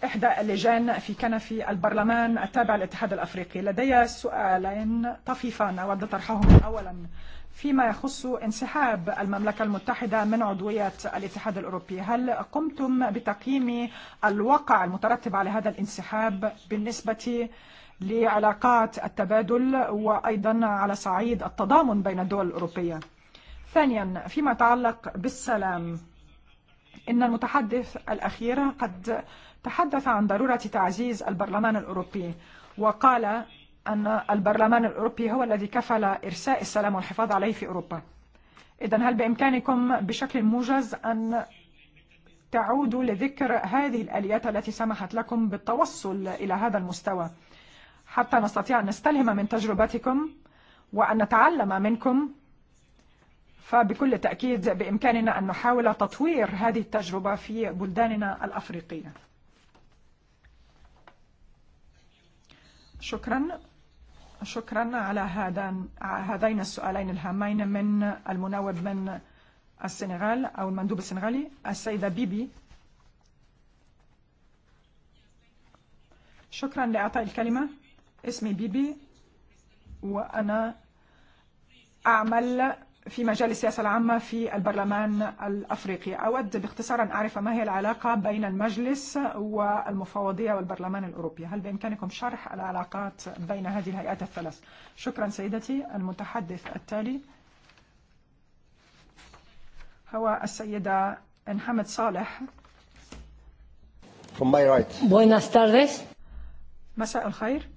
إحدى اللجان في كنف البرلمان التابع للاتحاد الأفريقي لدي سؤالين طفيفان أود طرحهما أولا فيما يخص انسحاب المملكة المتحدة من عضوية الاتحاد الأوروبي هل قمتم بتقييم الواقع المترتب على هذا الانسحاب بالنسبة لعلاقات التبادل وأيضا على صعيد التضامن بين الدول الأوروبية ثانيا فيما يتعلق بالسلام إن المتحدث الأخير قد تحدث عن ضرورة تعزيز البرلمان الأوروبي وقال أن البرلمان الأوروبي هو الذي كفل إرساء السلام والحفاظ عليه في أوروبا إذا هل بإمكانكم بشكل موجز أن تعودوا لذكر هذه الآليات التي سمحت لكم بالتوصل إلى هذا المستوى حتى نستطيع أن نستلهم من تجربتكم وأن نتعلم منكم فبكل تأكيد بإمكاننا أن نحاول تطوير هذه التجربة في بلداننا الأفريقية شكرا شكرا على هذا هذين السؤالين الهامين من المناوب من السنغال أو المندوب السنغالي السيدة بيبي شكرا لإعطاء الكلمة اسمي بيبي وأنا أعمل في مجال السياسة العامة في البرلمان الأفريقي أود باختصار أن أعرف ما هي العلاقة بين المجلس والمفوضية والبرلمان الأوروبي هل بإمكانكم شرح العلاقات بين هذه الهيئات الثلاث شكرا سيدتي المتحدث التالي هو السيدة انحمد صالح From my right. Buenas tardes. مساء الخير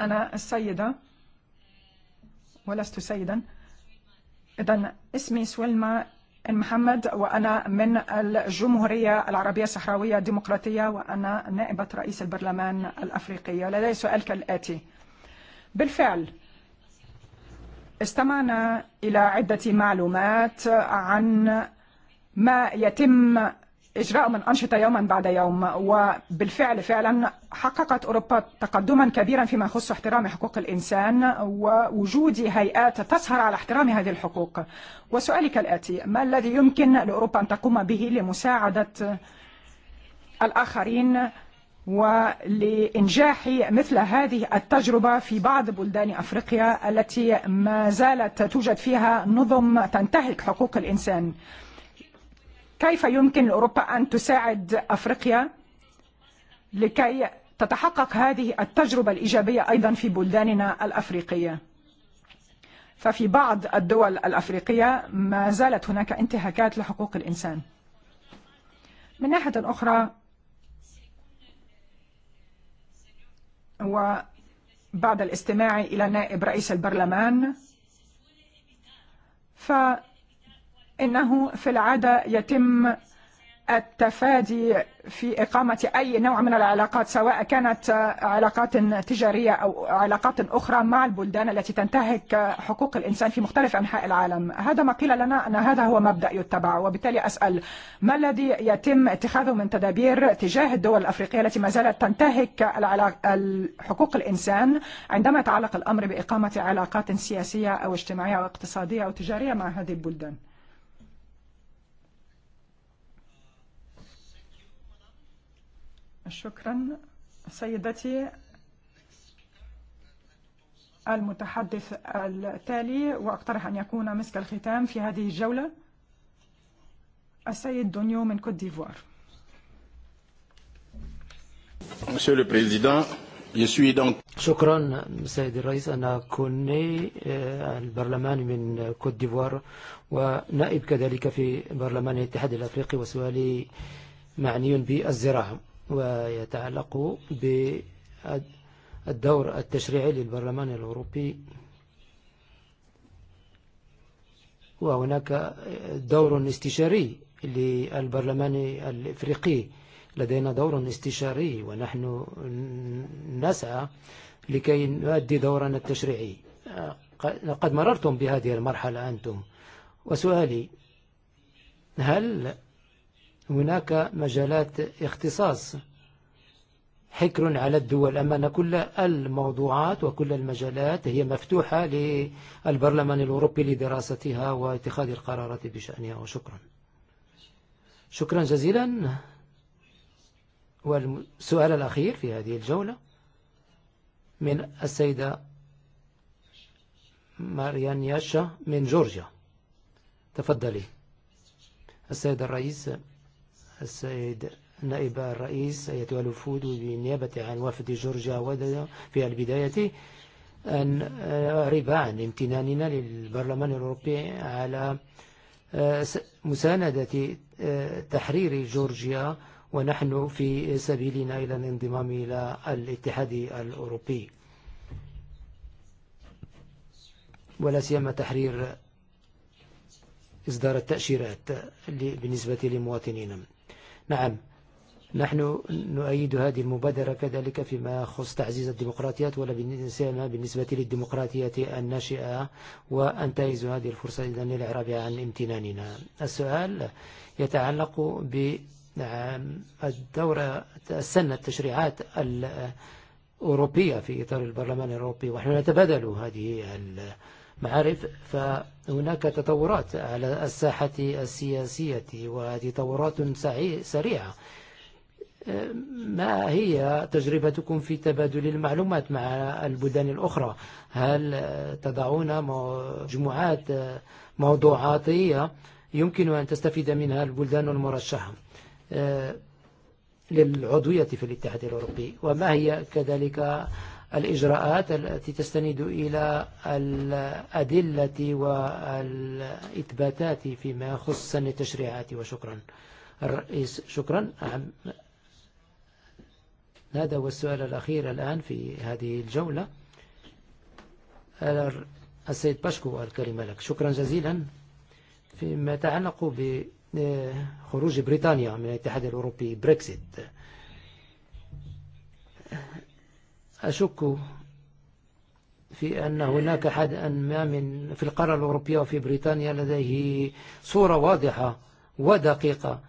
أنا السيدة ولست سيدا إذا اسمي سويلما محمد وأنا من الجمهورية العربية الصحراوية الديمقراطية وأنا نائبة رئيس البرلمان الأفريقي لدي سؤال كالآتي بالفعل استمعنا إلى عدة معلومات عن ما يتم إجراء من أنشطة يوما بعد يوم وبالفعل فعلا حققت أوروبا تقدما كبيرا فيما يخص احترام حقوق الإنسان ووجود هيئات تسهر على احترام هذه الحقوق وسؤالي كالآتي ما الذي يمكن لأوروبا أن تقوم به لمساعدة الآخرين ولإنجاح مثل هذه التجربة في بعض بلدان أفريقيا التي ما زالت توجد فيها نظم تنتهك حقوق الإنسان؟ كيف يمكن أوروبا أن تساعد أفريقيا لكي تتحقق هذه التجربة الإيجابية أيضا في بلداننا الأفريقية ففي بعض الدول الأفريقية ما زالت هناك انتهاكات لحقوق الإنسان من ناحية أخرى وبعد الاستماع إلى نائب رئيس البرلمان فأنا إنه في العادة يتم التفادي في إقامة أي نوع من العلاقات سواء كانت علاقات تجارية أو علاقات أخرى مع البلدان التي تنتهك حقوق الإنسان في مختلف أنحاء العالم هذا ما قيل لنا أن هذا هو مبدأ يتبع وبالتالي أسأل ما الذي يتم اتخاذه من تدابير تجاه الدول الأفريقية التي ما زالت تنتهك حقوق الإنسان عندما يتعلق الأمر بإقامة علاقات سياسية أو اجتماعية أو اقتصادية أو تجارية مع هذه البلدان شكرا سيدتي المتحدث التالي وأقترح أن يكون مسك الختام في هذه الجولة السيد دونيو من كوت ديفوار Monsieur le Président, je suis donc... شكرا سيدي الرئيس أنا كوني البرلمان من كوت ديفوار ونائب كذلك في برلمان الاتحاد الأفريقي وسؤالي معني بالزراعة ويتعلق بالدور التشريعي للبرلمان الأوروبي وهناك دور استشاري للبرلمان الإفريقي لدينا دور استشاري ونحن نسعى لكي نؤدي دورنا التشريعي قد مررتم بهذه المرحلة أنتم وسؤالي هل هناك مجالات اختصاص حكر على الدول أما أن كل الموضوعات وكل المجالات هي مفتوحة للبرلمان الأوروبي لدراستها واتخاذ القرارات بشأنها وشكرا شكرا جزيلا والسؤال الأخير في هذه الجولة من السيدة ماريان ياشا من جورجيا تفضلي السيد الرئيس السيد نائب الرئيس أيتها الوفود بنيابة عن وفد جورجيا ودنا في البداية أن أعرب عن امتناننا للبرلمان الأوروبي على مساندة تحرير جورجيا ونحن في سبيلنا إلى الانضمام إلى الاتحاد الأوروبي ولا سيما تحرير إصدار التأشيرات بالنسبة لمواطنينا نعم نحن نؤيد هذه المبادرة كذلك فيما يخص تعزيز الديمقراطيات ولا سيما بالنسبة للديمقراطيات الناشئة وأنتهز هذه الفرصة إذن للإعراب عن امتناننا السؤال يتعلق ب الدورة السنة التشريعات الأوروبية في إطار البرلمان الأوروبي ونحن نتبادل هذه الأوروبية معارف فهناك تطورات على الساحة السياسية وهذه تطورات سريعة ما هي تجربتكم في تبادل المعلومات مع البلدان الأخرى هل تضعون مجموعات موضوعاتية يمكن أن تستفيد منها البلدان المرشحة للعضوية في الاتحاد الأوروبي وما هي كذلك الإجراءات التي تستند إلى الأدلة والإثباتات فيما يخص التشريعات وشكرا الرئيس شكرا هذا هو السؤال الأخير الآن في هذه الجولة السيد باشكو الكلمة لك شكرا جزيلا فيما يتعلق بخروج بريطانيا من الاتحاد الأوروبي بريكسيت أشك في أن هناك حد ما من في القارة الأوروبية وفي بريطانيا لديه صورة واضحة ودقيقة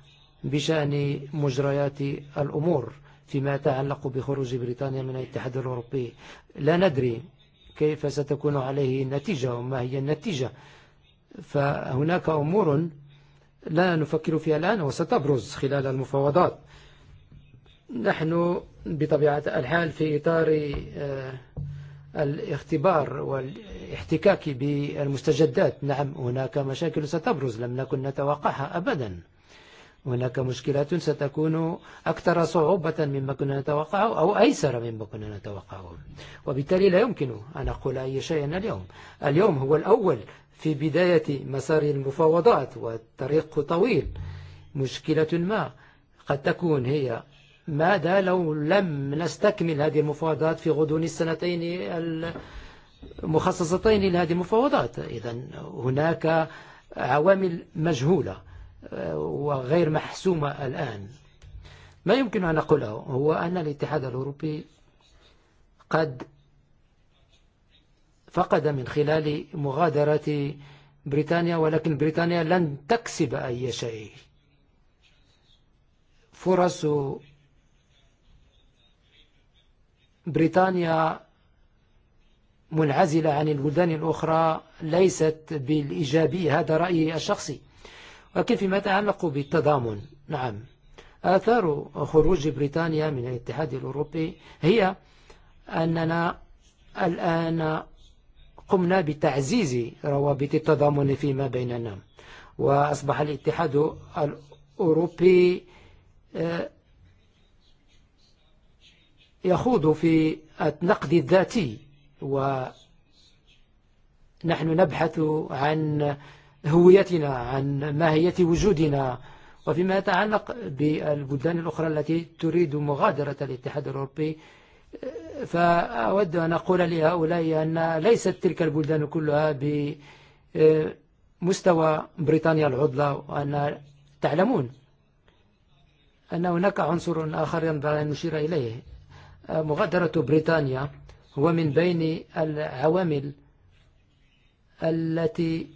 بشأن مجريات الأمور فيما يتعلق بخروج بريطانيا من الاتحاد الأوروبي لا ندري كيف ستكون عليه النتيجة وما هي النتيجة فهناك أمور لا نفكر فيها الآن وستبرز خلال المفاوضات نحن بطبيعة الحال في إطار الاختبار والاحتكاك بالمستجدات نعم هناك مشاكل ستبرز لم نكن نتوقعها أبدا هناك مشكلات ستكون أكثر صعوبة مما كنا نتوقعه أو أيسر مما كنا نتوقعه وبالتالي لا يمكن أن أقول أي شيء اليوم اليوم هو الأول في بداية مسار المفاوضات والطريق طويل مشكلة ما قد تكون هي ماذا لو لم نستكمل هذه المفاوضات في غضون السنتين المخصصتين لهذه المفاوضات إذا هناك عوامل مجهولة وغير محسومة الآن ما يمكن أن أقوله هو أن الاتحاد الأوروبي قد فقد من خلال مغادرة بريطانيا ولكن بريطانيا لن تكسب أي شيء فرص بريطانيا منعزلة عن البلدان الأخرى ليست بالإيجابية هذا رأيي الشخصي ولكن فيما يتعلق بالتضامن نعم آثار خروج بريطانيا من الاتحاد الأوروبي هي أننا الآن قمنا بتعزيز روابط التضامن فيما بيننا وأصبح الاتحاد الأوروبي يخوض في النقد الذاتي ونحن نبحث عن هويتنا عن ماهية وجودنا وفيما يتعلق بالبلدان الأخرى التي تريد مغادرة الاتحاد الأوروبي فأود أن أقول لهؤلاء أن ليست تلك البلدان كلها بمستوى بريطانيا العضلة وأن تعلمون أن هناك عنصر آخر ينبغي أن نشير إليه مغادرة بريطانيا هو من بين العوامل التي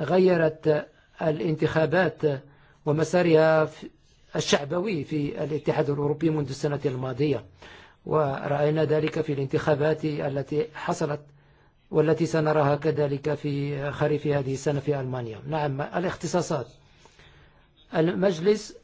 غيرت الانتخابات ومسارها الشعبوي في الاتحاد الأوروبي منذ السنة الماضية ورأينا ذلك في الانتخابات التي حصلت والتي سنراها كذلك في خريف هذه السنة في ألمانيا نعم الاختصاصات المجلس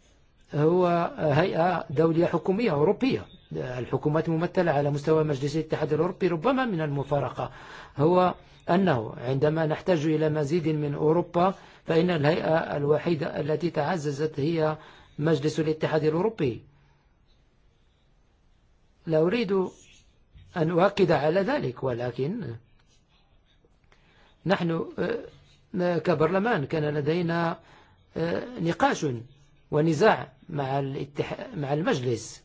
هو هيئة دولية حكومية أوروبية الحكومات ممثلة على مستوى مجلس الاتحاد الأوروبي ربما من المفارقة هو أنه عندما نحتاج إلى مزيد من أوروبا فإن الهيئة الوحيدة التي تعززت هي مجلس الاتحاد الأوروبي لا أريد أن أؤكد على ذلك ولكن نحن كبرلمان كان لدينا نقاش ونزاع مع, الاتح... مع المجلس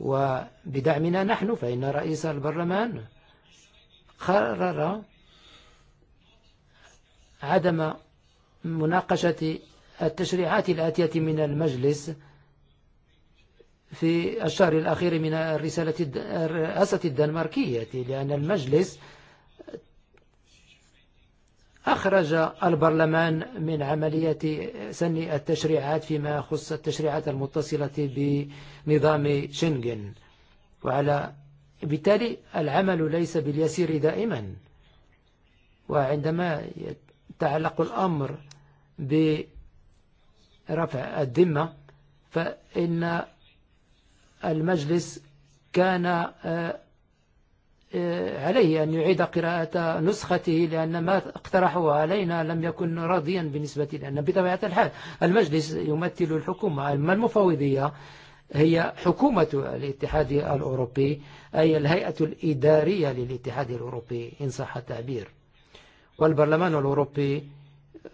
وبدعمنا نحن فإن رئيس البرلمان قرر عدم مناقشة التشريعات الآتية من المجلس في الشهر الأخير من رسالة السة الدنماركية لأن المجلس أخرج البرلمان من عملية سن التشريعات فيما يخص التشريعات المتصلة بنظام شنغن وعلى بالتالي العمل ليس باليسير دائما وعندما يتعلق الأمر برفع الذمة فإن المجلس كان عليه أن يعيد قراءة نسخته لأن ما اقترحه علينا لم يكن راضيا بالنسبة لأن بطبيعة الحال المجلس يمثل الحكومة أما المفوضية هي حكومة الاتحاد الأوروبي أي الهيئة الإدارية للاتحاد الأوروبي إن صح التعبير والبرلمان الأوروبي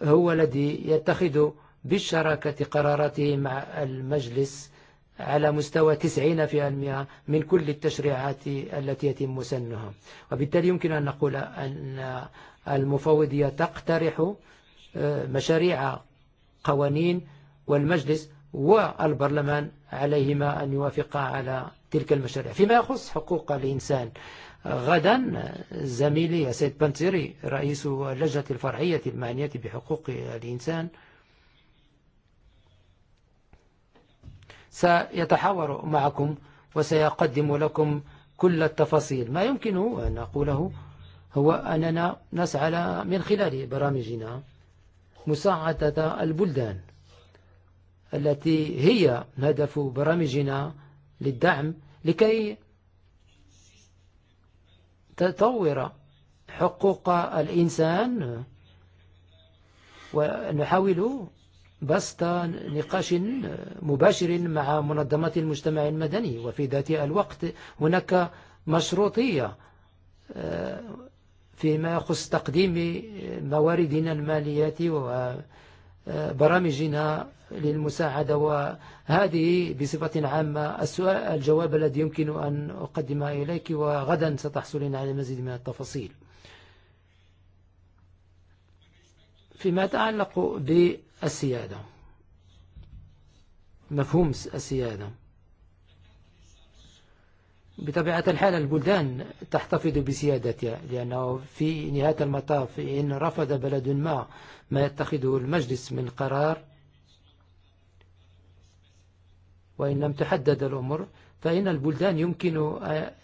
هو الذي يتخذ بالشراكة قراراته مع المجلس على مستوى 90% من كل التشريعات التي يتم سنها وبالتالي يمكن أن نقول أن المفوضية تقترح مشاريع قوانين والمجلس والبرلمان عليهما أن يوافقا على تلك المشاريع فيما يخص حقوق الإنسان غدا زميلي سيد بنتيري رئيس اللجنة الفرعية المعنية بحقوق الإنسان سيتحاور معكم وسيقدم لكم كل التفاصيل ما يمكنه أن نقوله هو أننا نسعى من خلال برامجنا مساعدة البلدان التي هي هدف برامجنا للدعم لكي تطور حقوق الإنسان ونحاول بسط نقاش مباشر مع منظمات المجتمع المدني وفي ذات الوقت هناك مشروطية فيما يخص تقديم مواردنا المالية وبرامجنا للمساعدة وهذه بصفة عامة السؤال الجواب الذي يمكن أن أقدمه إليك وغدا ستحصلين على مزيد من التفاصيل فيما يتعلق بالتفاصيل السيادة مفهوم السيادة بطبيعة الحال البلدان تحتفظ بسيادتها لأنه في نهاية المطاف إن رفض بلد ما ما يتخذه المجلس من قرار وإن لم تحدد الأمور فإن البلدان يمكن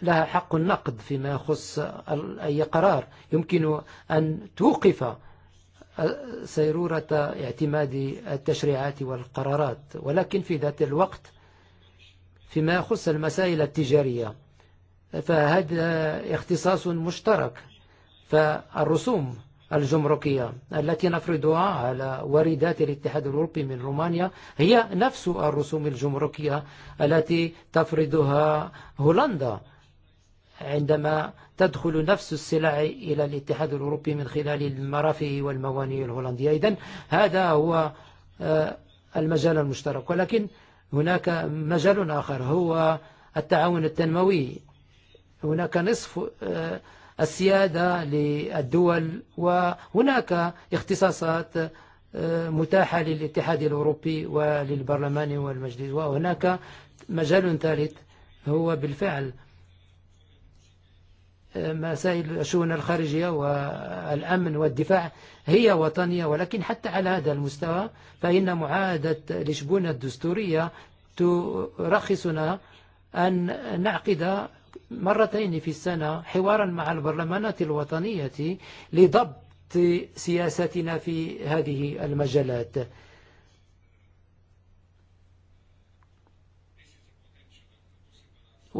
لها حق النقد فيما يخص أي قرار يمكن أن توقف سيرورة اعتماد التشريعات والقرارات ولكن في ذات الوقت فيما يخص المسائل التجارية فهذا اختصاص مشترك فالرسوم الجمركية التي نفرضها على واردات الاتحاد الأوروبي من رومانيا هي نفس الرسوم الجمركية التي تفرضها هولندا عندما تدخل نفس السلع إلى الاتحاد الأوروبي من خلال المرافئ والموانئ الهولندية إذن هذا هو المجال المشترك ولكن هناك مجال آخر هو التعاون التنموي هناك نصف السيادة للدول وهناك اختصاصات متاحة للاتحاد الأوروبي وللبرلمان والمجلس وهناك مجال ثالث هو بالفعل مسائل الشؤون الخارجية والأمن والدفاع هي وطنية ولكن حتى على هذا المستوى فإن معاهدة لشبون الدستورية ترخصنا أن نعقد مرتين في السنة حوارا مع البرلمانات الوطنية لضبط سياستنا في هذه المجالات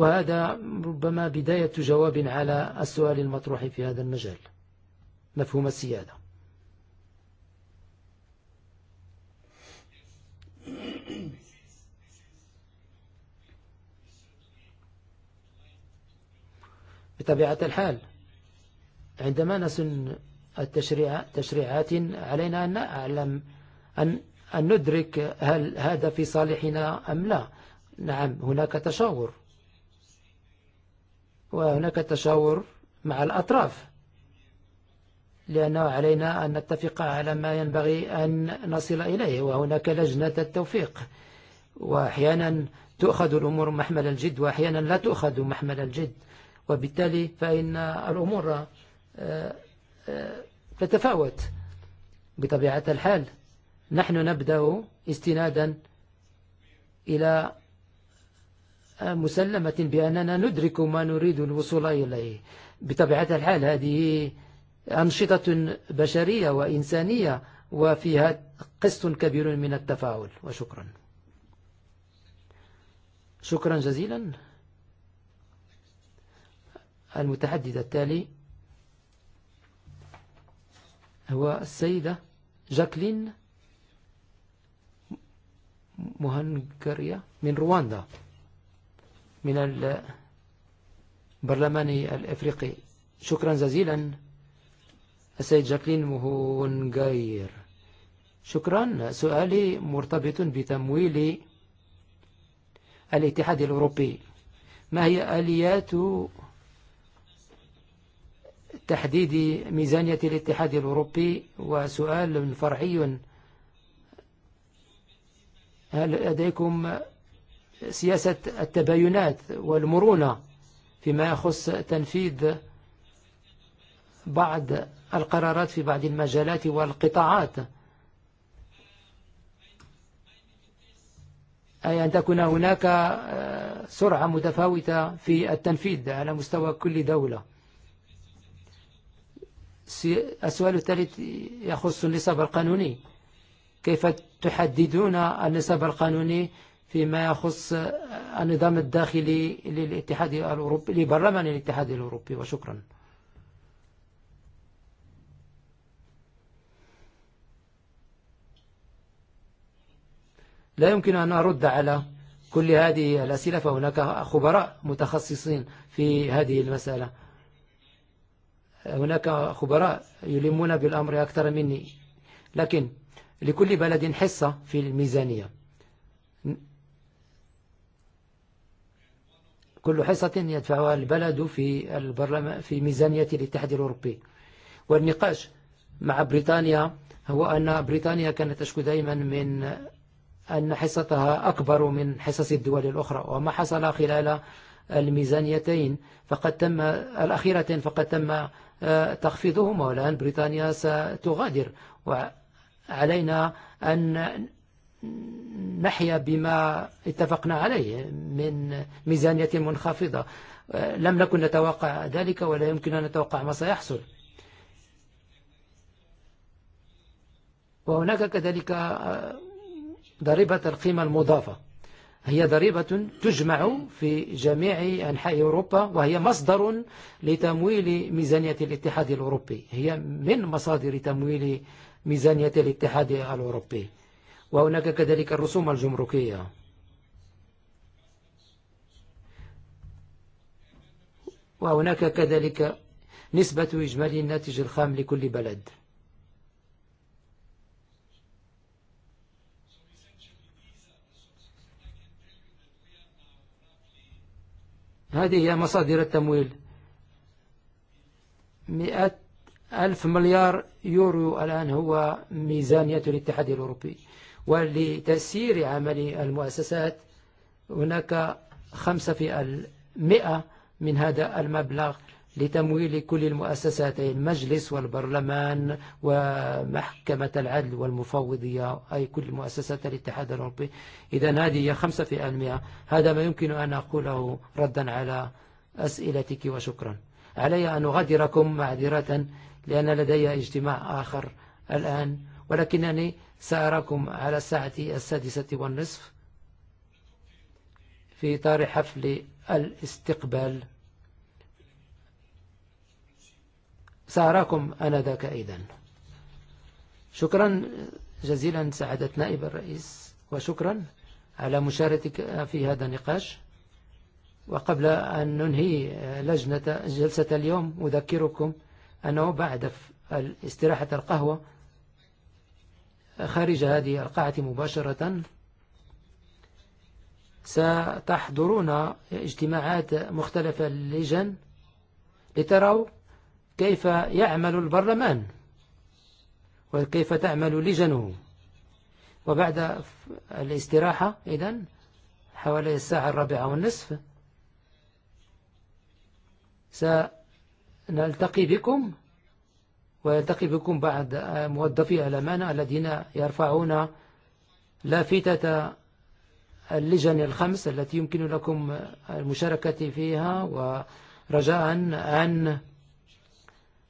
وهذا ربما بداية جواب على السؤال المطروح في هذا المجال مفهوم السيادة بطبيعة الحال عندما نسن التشريع تشريعات علينا أن نعلم أن, أن ندرك هل هذا في صالحنا أم لا نعم هناك تشاور وهناك تشاور مع الأطراف لأنه علينا أن نتفق على ما ينبغي أن نصل إليه وهناك لجنة التوفيق وأحيانا تؤخذ الأمور محمل الجد وأحيانا لا تؤخذ محمل الجد وبالتالي فإن الأمور تتفاوت بطبيعة الحال نحن نبدأ استنادا إلى مسلمة بأننا ندرك ما نريد الوصول إليه بطبيعة الحال هذه أنشطة بشرية وإنسانية وفيها قسط كبير من التفاعل وشكرا شكرا جزيلا المتحدث التالي هو السيدة جاكلين مهنغريا من رواندا من البرلمان الإفريقي شكرا جزيلا السيد جاكلين مهونغاير شكرا سؤالي مرتبط بتمويل الاتحاد الأوروبي ما هي آليات تحديد ميزانية الاتحاد الأوروبي وسؤال فرعي هل لديكم سياسة التباينات والمرونة فيما يخص تنفيذ بعض القرارات في بعض المجالات والقطاعات أي أن تكون هناك سرعة متفاوتة في التنفيذ على مستوى كل دولة السؤال الثالث يخص النصاب القانوني كيف تحددون النصاب القانوني فيما يخص النظام الداخلي للاتحاد الأوروبي لبرلمان الاتحاد الأوروبي وشكرا لا يمكن أن أرد على كل هذه الأسئلة فهناك خبراء متخصصين في هذه المسألة هناك خبراء يلمون بالأمر أكثر مني لكن لكل بلد حصة في الميزانية كل حصة يدفعها البلد في البرلمان في ميزانية الاتحاد الأوروبي والنقاش مع بريطانيا هو أن بريطانيا كانت تشكو دائما من أن حصتها أكبر من حصص الدول الأخرى وما حصل خلال الميزانيتين فقد تم الأخيرتين فقد تم تخفيضهما والآن بريطانيا ستغادر وعلينا أن نحيا بما اتفقنا عليه من ميزانية منخفضة لم نكن نتوقع ذلك ولا يمكن أن نتوقع ما سيحصل وهناك كذلك ضريبة القيمة المضافة هي ضريبة تجمع في جميع أنحاء أوروبا وهي مصدر لتمويل ميزانية الاتحاد الأوروبي هي من مصادر تمويل ميزانية الاتحاد الأوروبي وهناك كذلك الرسوم الجمركية وهناك كذلك نسبة إجمالي الناتج الخام لكل بلد هذه هي مصادر التمويل مئة ألف مليار يورو الآن هو ميزانية الاتحاد الأوروبي ولتيسير عمل المؤسسات هناك خمسة في المئة من هذا المبلغ لتمويل كل المؤسساتين المجلس والبرلمان ومحكمة العدل والمفوضية أي كل مؤسسات الاتحاد الأوروبي إذا هذه خمسة في المئة هذا ما يمكن أن أقوله ردا على أسئلتك وشكرا علي أن أغادركم معذرة لأن لدي اجتماع آخر الآن ولكنني سأراكم على الساعة السادسة والنصف في إطار حفل الاستقبال سأراكم آنذاك أيضا شكرا جزيلا سعادة نائب الرئيس وشكرا على مشاركتك في هذا النقاش وقبل أن ننهي لجنة جلسة اليوم أذكركم أنه بعد الاستراحة القهوة خارج هذه القاعة مباشرة ستحضرون اجتماعات مختلفة للجن لتروا كيف يعمل البرلمان وكيف تعمل لجنه وبعد الاستراحة إذن حوالي الساعة الرابعة والنصف سنلتقي بكم ويلتقي بكم بعد موظفي الأمانة الذين يرفعون لافتة اللجن الخمس التي يمكن لكم المشاركة فيها ورجاء أن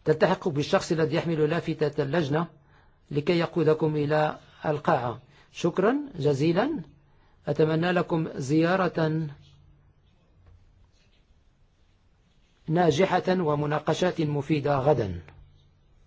تلتحقوا بالشخص الذي يحمل لافتة اللجنة لكي يقودكم إلى القاعة شكرا جزيلا أتمنى لكم زيارة ناجحة ومناقشات مفيدة غدا